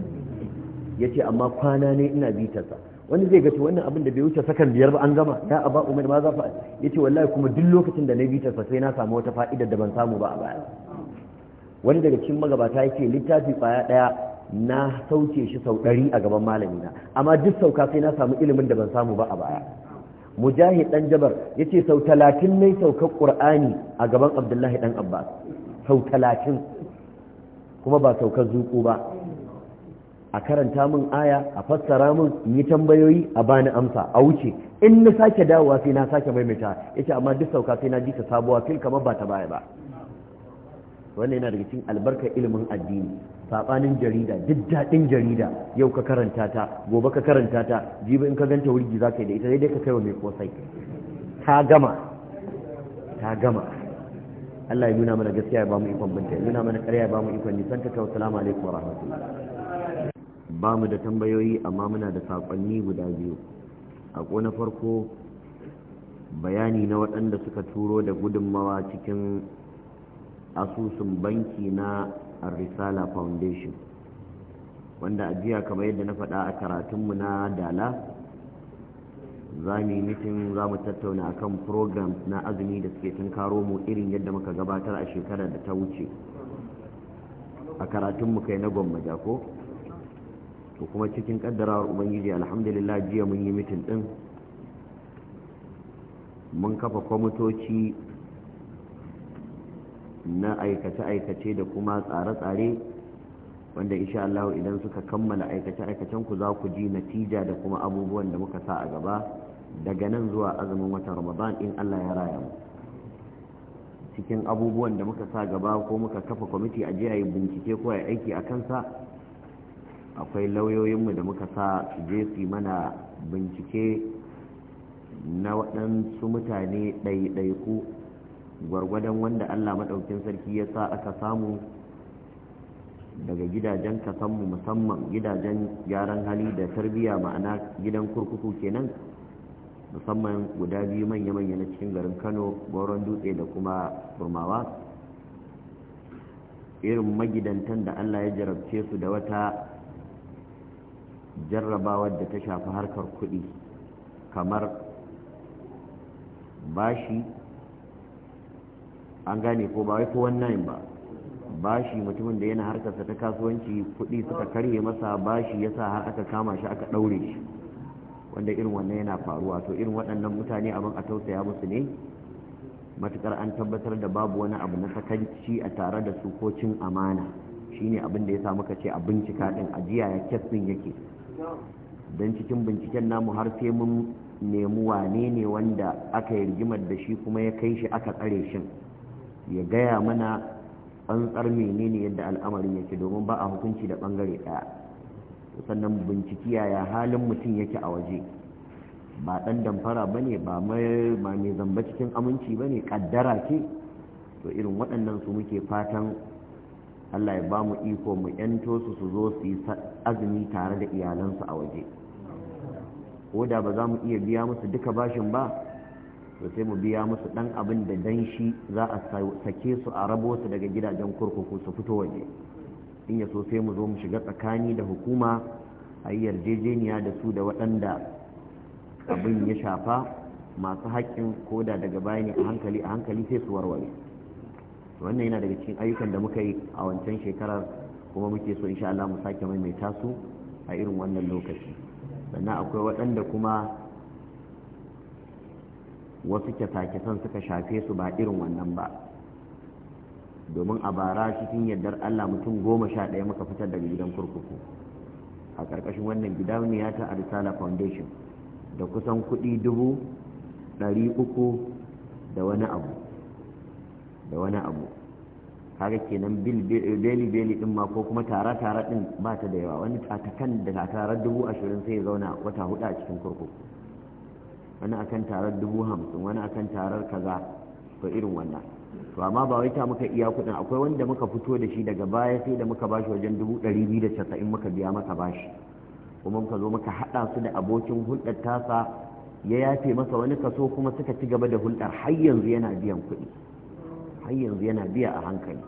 ya ce amma kwana ne ina bitarsa wani zai gaci wannan abin da bai wuce sakan biyar ba an gama ya aba umar ma za fa ya ce wallahi kuma duk lokacin da na bitarsa sai na samu wata fa'idar da ban samu ba a baya wani daga cikin magabata ya ce littafi kwaya ɗaya na sauke shi sau ɗari a gaban malamina amma duk sauka sai na samu ilimin da ban samu ba a baya mujahid dan jabar ya ce sau talatin ne saukar ƙur'ani a gaban abdullahi dan abbas sau talatin kuma ba saukar zuƙu ba a karanta min aya a fassara min yi tambayoyi a bani amsa a wuce in na sake dawowa sai na sake maimaita yace amma duk sauka sai na ji ta sabuwa fil kamar ba ta baya ba wannan yana daga cikin albarkar ilimin addini sabanin jarida duk jarida yau ka karanta ta gobe ka karanta ta jibi in ka ganta wurgi za ka yi da ita daidai ka kai wa mai kosai ta gama ta gama Allah ya nuna mana gaskiya ya ba mu ikon binta ya nuna mana ƙarya ya ba mu ikon nisan ka kawo salamu alaikum wa rahmatullahi ba mu da tambayoyi amma muna da saƙonni guda biyu a na farko bayani na waɗanda suka turo da gudunmawa cikin asusun banki na risala foundation wanda a jiya kamar yadda na faɗa a karatunmu na dala za mu yi mitin za mu tattauna akan programs na azumi da suke tun karo mu irin yadda muka gabatar a shekarar da ta wuce a karatunmu kai na gwammaja ko to kuma cikin kaddarawar ubangiji alhamdulillah jiya mun yi mitin din mun kafa kwamitoci na aikace-aikace da kuma tsare-tsare wanda insha Allah idan suka kammala aikace-aikacen ku za ku ji natija da kuma abubuwan da muka sa a gaba daga nan zuwa azumin watan Ramadan in Allah ya raya mu cikin abubuwan da muka sa gaba ko muka kafa kwamiti a jiya yi bincike ko ya aiki a kansa akwai lauyoyinmu da muka sa su je su mana bincike na waɗansu mutane ɗaiɗaiku gwargwadon wanda Allah maɗaukin sarki ya sa aka samu daga gidajen kasanmu musamman gidajen gyaran hali da tarbiyya ma'ana gidan kurkuku kenan musamman guda biyu manya-manya na cikin garin kano goron dutse da kuma burmawa irin magidantan da allah ya jarabce su da wata jarrabawar da ta shafi harkar kudi kamar bashi an gane ko ba wai ko wannan ba bashi mutumin da yana harkarsa ta kasuwanci kuɗi suka karye masa bashi ya sa har aka kama shi aka ɗaure shi wanda irin wannan yana faruwa to irin waɗannan mutane abin a tausaya musu ne matukar an tabbatar da babu wani abu na sakanci a tare da su ko cin amana shine abin da ya sa muka ce a bincika ɗin ajiya ya kes yake don cikin binciken namu har sai mun nemi wane ne wanda aka yi rigimar da shi kuma ya kai shi aka tsare shin ya gaya mana tsantsar menene yadda al'amarin yake domin ba a hukunci da bangare ɗaya sannan binciki yaya halin mutum yake a waje ba ɗan damfara ba ne ba mai zamba cikin aminci ba ne ƙaddara ce to irin waɗannan su muke fatan allah ya ba mu iko mu yanto su su zo su yi azumi tare da iyalansu a waje ko da ba za mu iya biya musu duka bashin ba to sai mu biya musu dan abin da danshi shi za a sake su a rabo su daga gidajen kurkuku su fito waje in ya so sai mu zo mu shiga tsakani da hukuma a yi yarjejeniya da su da waɗanda abin ya shafa masu haƙƙin koda daga baya ne a hankali a hankali sai su warware wannan yana daga cikin ayyukan da muka yi a wancan shekarar kuma muke so insha Allah mu sake maimaita su a irin wannan lokaci sannan akwai waɗanda kuma wasu kyasa-kyasan suka shafe su ba irin wannan ba domin a bara cikin yardar allah mutum goma sha ɗaya muka fitar daga gidan kurkuku a ƙarƙashin wannan gida ya ta arisala foundation da kusan kuɗi dubu ɗari uku da wani abu da wani abu kaga kenan beli beli din ma ko kuma tara tara din ba ta da yawa wani tatakan da tara dubu ashirin sai ya zauna wata hudu a cikin kurkuku wani akan tarar dubu hamsin wani akan tarar kaza to irin wannan to amma ba wai ta muka iya kudin akwai wanda muka fito da shi daga baya sai da muka bashi wajen dubu ɗari biyu da casa'in muka biya masa bashi kuma muka zo muka haɗa su da abokin hulɗar tasa ya yafe masa wani kaso kuma suka ci gaba da hulɗar har yanzu yana biyan kuɗi har yanzu yana biya a hankali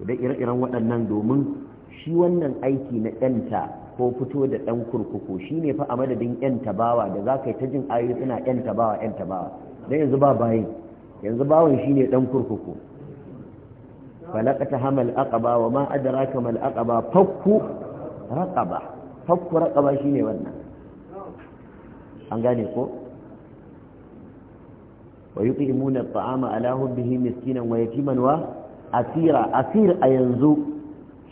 to da ire-iren waɗannan domin shi wannan aiki na ɗanta ko fito da ɗan kurkuku shi ne fa a madadin 'yan tabawa da za ka yi ta jin ayoyi suna 'yan tabawa 'yan tabawa don yanzu ba bayin yanzu bawan shi ne ɗan kurkuku ta hamal aqaba wa ma adraka mal aqaba fakku raqaba fakku raqaba shine wannan an gane ko wa yuqimuna at'ama ala hubbihi miskinan wa yatiman wa asira asir a yanzu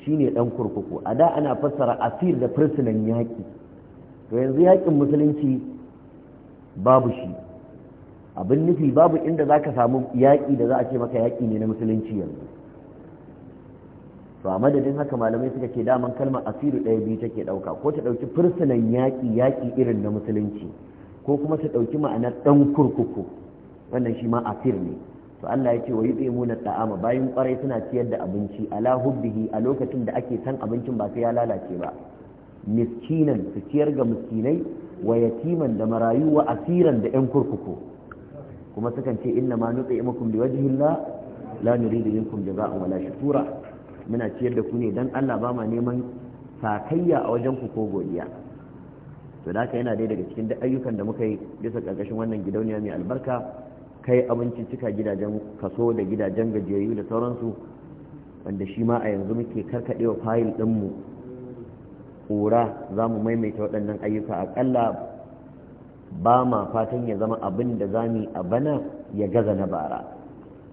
shine dan kurkuku a da ana fassara asir da fursunan yaƙi to yanzu yaƙin musulunci babu shi abin nufi babu inda zaka samu yaƙi da za a ce maka yaki ne na musulunci yanzu to a madadin haka malamai suka ce daman kalmar asiru ɗaya biyu take ɗauka ko ta ɗauki fursunan yaki yaki irin na musulunci ko kuma ta ɗauki ma'anar ɗan kurkuku wannan shi ma asir ne to Allah ya ce wa mu ta'ama bayan kwarai suna ciyar da abinci ala hubbihi a lokacin da ake san abincin ba sai ya lalace ba miskinan su ciyar ga miskinai wa yatiman da marayu wa asiran da yan kurkuku kuma sukan ce inna ma nut'imukum liwajhillah la nuridu minkum jaza'an wala shukura muna ciyar da ku ne dan Allah ba ma neman sakayya a wajen ku ko godiya to da haka yana daya daga cikin duk ayyukan da muka yi bisa karkashin wannan gidauniya mai albarka kai abinci cika gidajen kaso da gidajen gajiyayyu da sauransu wanda shi ma a yanzu muke karkaɗewa fayil ɗinmu ƙura za mu maimaita waɗannan ayyuka aƙalla ba ma fatan ya zama abin da za mu a bana ya gaza na bara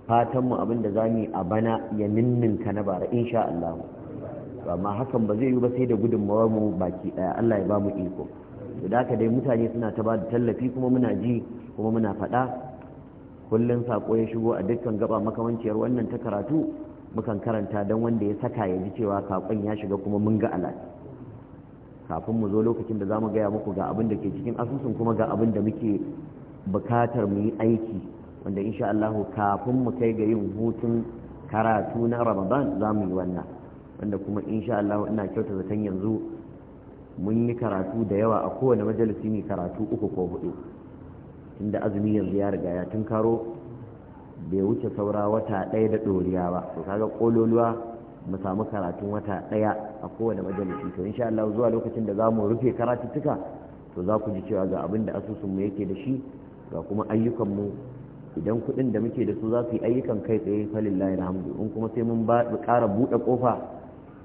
fatanmu abin da za mu a bana ya ninninka na bara insha Allah amma hakan ba zai yi ba sai da gudunmawar mu baki ɗaya Allah ya ba mu iko da haka dai mutane suna ta ba da tallafi kuma muna ji kuma muna faɗa kullum sako ya shigo a dukkan gaba makamanciyar wannan ta karatu mukan karanta don wanda ya saka ya ji cewa sakon ya shiga kuma mun ga alat kafin mu zo lokacin da za mu gaya muku ga abin da ke cikin asusun kuma ga abin da muke bukatar mu yi aiki wanda insha Allah kafin mu kai ga yin hutun karatu na Ramadan za mu yi wannan wanda kuma insha Allah ina kyauta zaton yanzu mun yi karatu da yawa a kowane majalisi ne karatu uku ko hudu inda azumi yanzu ya riga ya tun karo bai wuce saura wata ɗaya da ɗoriya ba to kaga ƙololuwa mu samu karatun wata ɗaya a kowane majalisi to insha Allah zuwa lokacin da zamu mu rufe karatuttuka to za ku ji cewa ga abin da asusun mu yake da shi ga kuma ayyukan mu idan kuɗin da muke da su za su yi ayyukan kai tsaye falillahi alhamdu in kuma sai mun ƙara buɗe ƙofa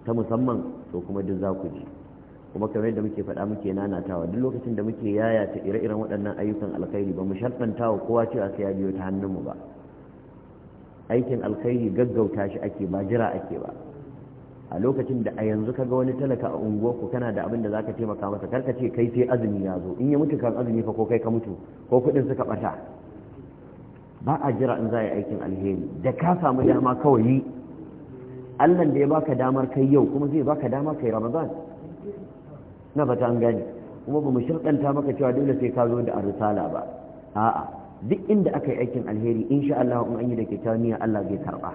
ta musamman to kuma duk za ku ji kuma kamar yadda muke faɗa muke nanatawa duk lokacin da muke yaya yayata ire-iren waɗannan ayyukan alkhairi ba mu sharɗanta wa kowa cewa sai ya biyo ta hannunmu ba aikin alkhairi gaggauta shi ake ba jira ake ba a lokacin da a yanzu ka ga wani talaka a unguwarku kana da abin da zaka taimaka masa karka ce kai sai azumi ya zo in ya mutu kan azumi fa ko kai ka mutu ko kuɗin suka ɓata ba a jira in za a yi aikin alheri da ka samu dama kawai yi allah da ya baka damar kai yau kuma zai baka dama kai ramadan na fata an gani kuma ba mu shirɗanta maka cewa dole sai ka zo da arsala ba a'a duk inda aka yi aikin alheri insha Allah in an yi da kyakkyawan niyya Allah zai karba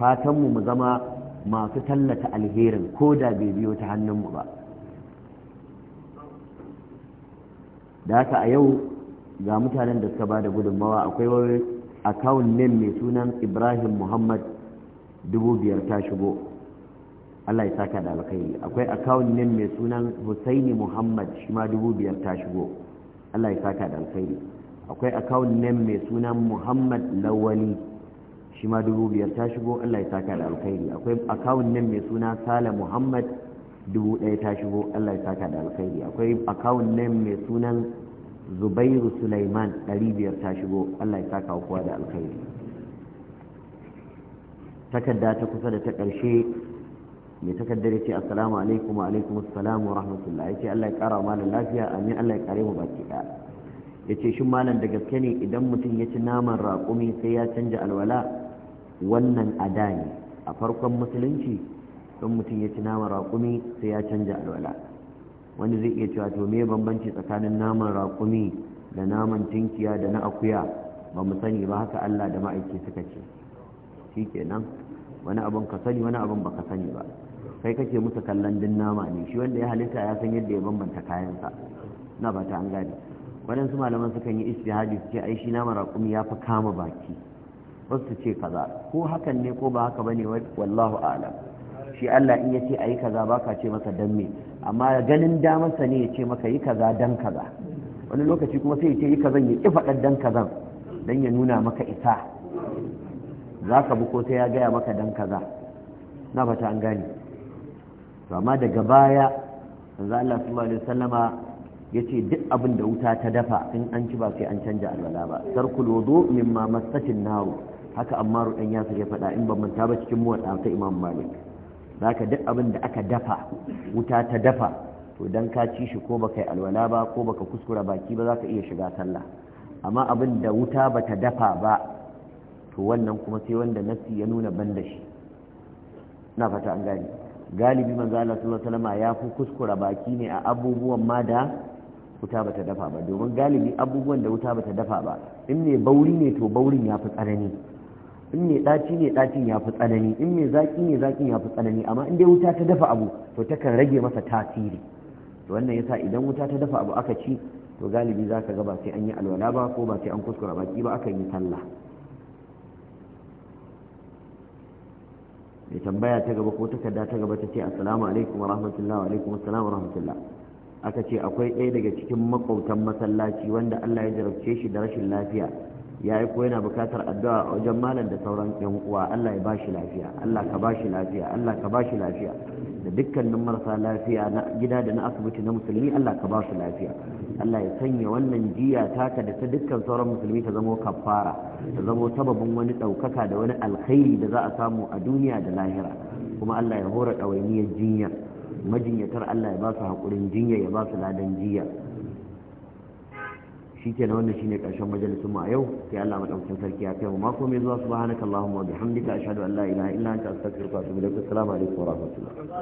fatan mu mu zama masu tallata alherin ko da bai biyo ta hannun mu ba da haka a yau ga mutanen da suka ba da gudunmawa akwai wani akawun nan mai sunan ibrahim muhammad dubu biyar ta shigo Allah ya saka da alkhairi akwai account name mai sunan Husaini Muhammad shi ma dubu biyar ta shigo Allah ya saka da alkhairi akwai account name mai sunan Muhammad Lawali shi ma dubu biyar ta shigo Allah ya saka da alkhairi akwai account name mai suna Sala Muhammad dubu ɗaya ta shigo Allah ya saka da alkhairi akwai account name mai sunan Zubairu Sulaiman ɗari biyar ta shigo Allah ya saka kowa da alkhairi takarda ta kusa da ta ƙarshe mai takardar ya ce assalamu alaikum wa alaikum assalam wa rahmatullah ya Allah ya kara malam lafiya amin Allah ya kare mu baki da ya shin malam da gaske ne idan mutum ya ci naman raƙumi sai ya canja alwala wannan ada ne a farkon musulunci don mutum ya ci naman raƙumi sai ya canja alwala wani zai iya cewa to me bambanci tsakanin naman raƙumi da naman tinkiya da na akuya ba mu sani ba haka Allah da ma'aiki suka ce shikenan wani abun ka sani wani abun baka sani ba kai kake musu kallon din nama ne shi wanda ya halitta ya san yadda ya bambanta kayansa na ba ta an gane waɗansu malaman sukan yi istihadi su ce ai shi nama raƙumi ya fi kama baki wasu ce kaza ko hakan ne ko ba haka bane wallahu a'lam shi Allah in ya yace yi kaza baka ce masa dan me amma ganin damarsa ne ya ce maka yi kaza dan kaza wani lokaci kuma sai ya ce yi kazan ya ƙi faɗar dan kazan dan ya nuna maka isa za ka bi ko sai ya gaya maka dan kaza na fata an gane to amma daga baya manzo Allah sallallahu alaihi wasallama yace duk abin da wuta ta dafa in an ci ba sai an canja alwala ba sarkul wudu mimma masatin naru haka amma dan ya faɗa in ban manta ba cikin muwadda ta Imam Malik zaka duk abin da aka dafa wuta ta dafa to dan ka ci shi ko baka yi alwala ba ko baka kuskura baki ba zaka iya shiga sallah amma abin da wuta bata dafa ba to wannan kuma sai wanda nasi ya nuna ban da shi na fata an gane galibi manzo Allah sallallahu alaihi wasallam ya fi kuskura baki ne a abubuwan ma da wuta bata dafa ba domin galibi abubuwan da wuta bata dafa ba in ne bauri ne to baurin ya fi tsanani in ne ɗaci ne ɗacin ya fi tsanani in ne zaƙi ne zaƙin ya fi tsanani amma in dai wuta ta dafa abu to takan rage masa tasiri to wannan yasa idan wuta ta dafa abu aka ci to galibi za ka ga ba sai an yi alwala ba ko ba sai an kuskura baki ba aka yi sallah mai tambaya ta gaba ko takarda ta gaba ta ce assalamu alaikum wa rahmatullah wa alaikum assalam wa rahmatullah aka ce akwai ɗaya daga cikin makwautan masallaci wanda Allah ya jarabce shi da rashin lafiya ya yi ko yana bukatar addu'a a wajen malam da sauran yan uwa Allah ya bashi lafiya Allah ka bashi lafiya Allah ka bashi lafiya da dukkanin marasa lafiya na gida da na asibiti na musulmi Allah ka ba su lafiya Allah ya sanya wannan jiya taka da ta dukkan sauran musulmi ta zamo kafara ta zamo sababin wani ɗaukaka da wani alkhairi da za a samu a duniya da lahira kuma Allah ya hora ɗawainiyar jinya majinyatar Allah ya ba su haƙurin jinya ya ba su ladan jiya shi ke wannan shi ne ƙarshen majalisun mu a yau sai Allah maɗaukin sarki ya kai mu mako mai zuwa subhanaka Allahumma wa bihamdika ashhadu an la ilaha illa anta astaghfiruka wa atubu ilaik assalamu alaikum wa rahmatullah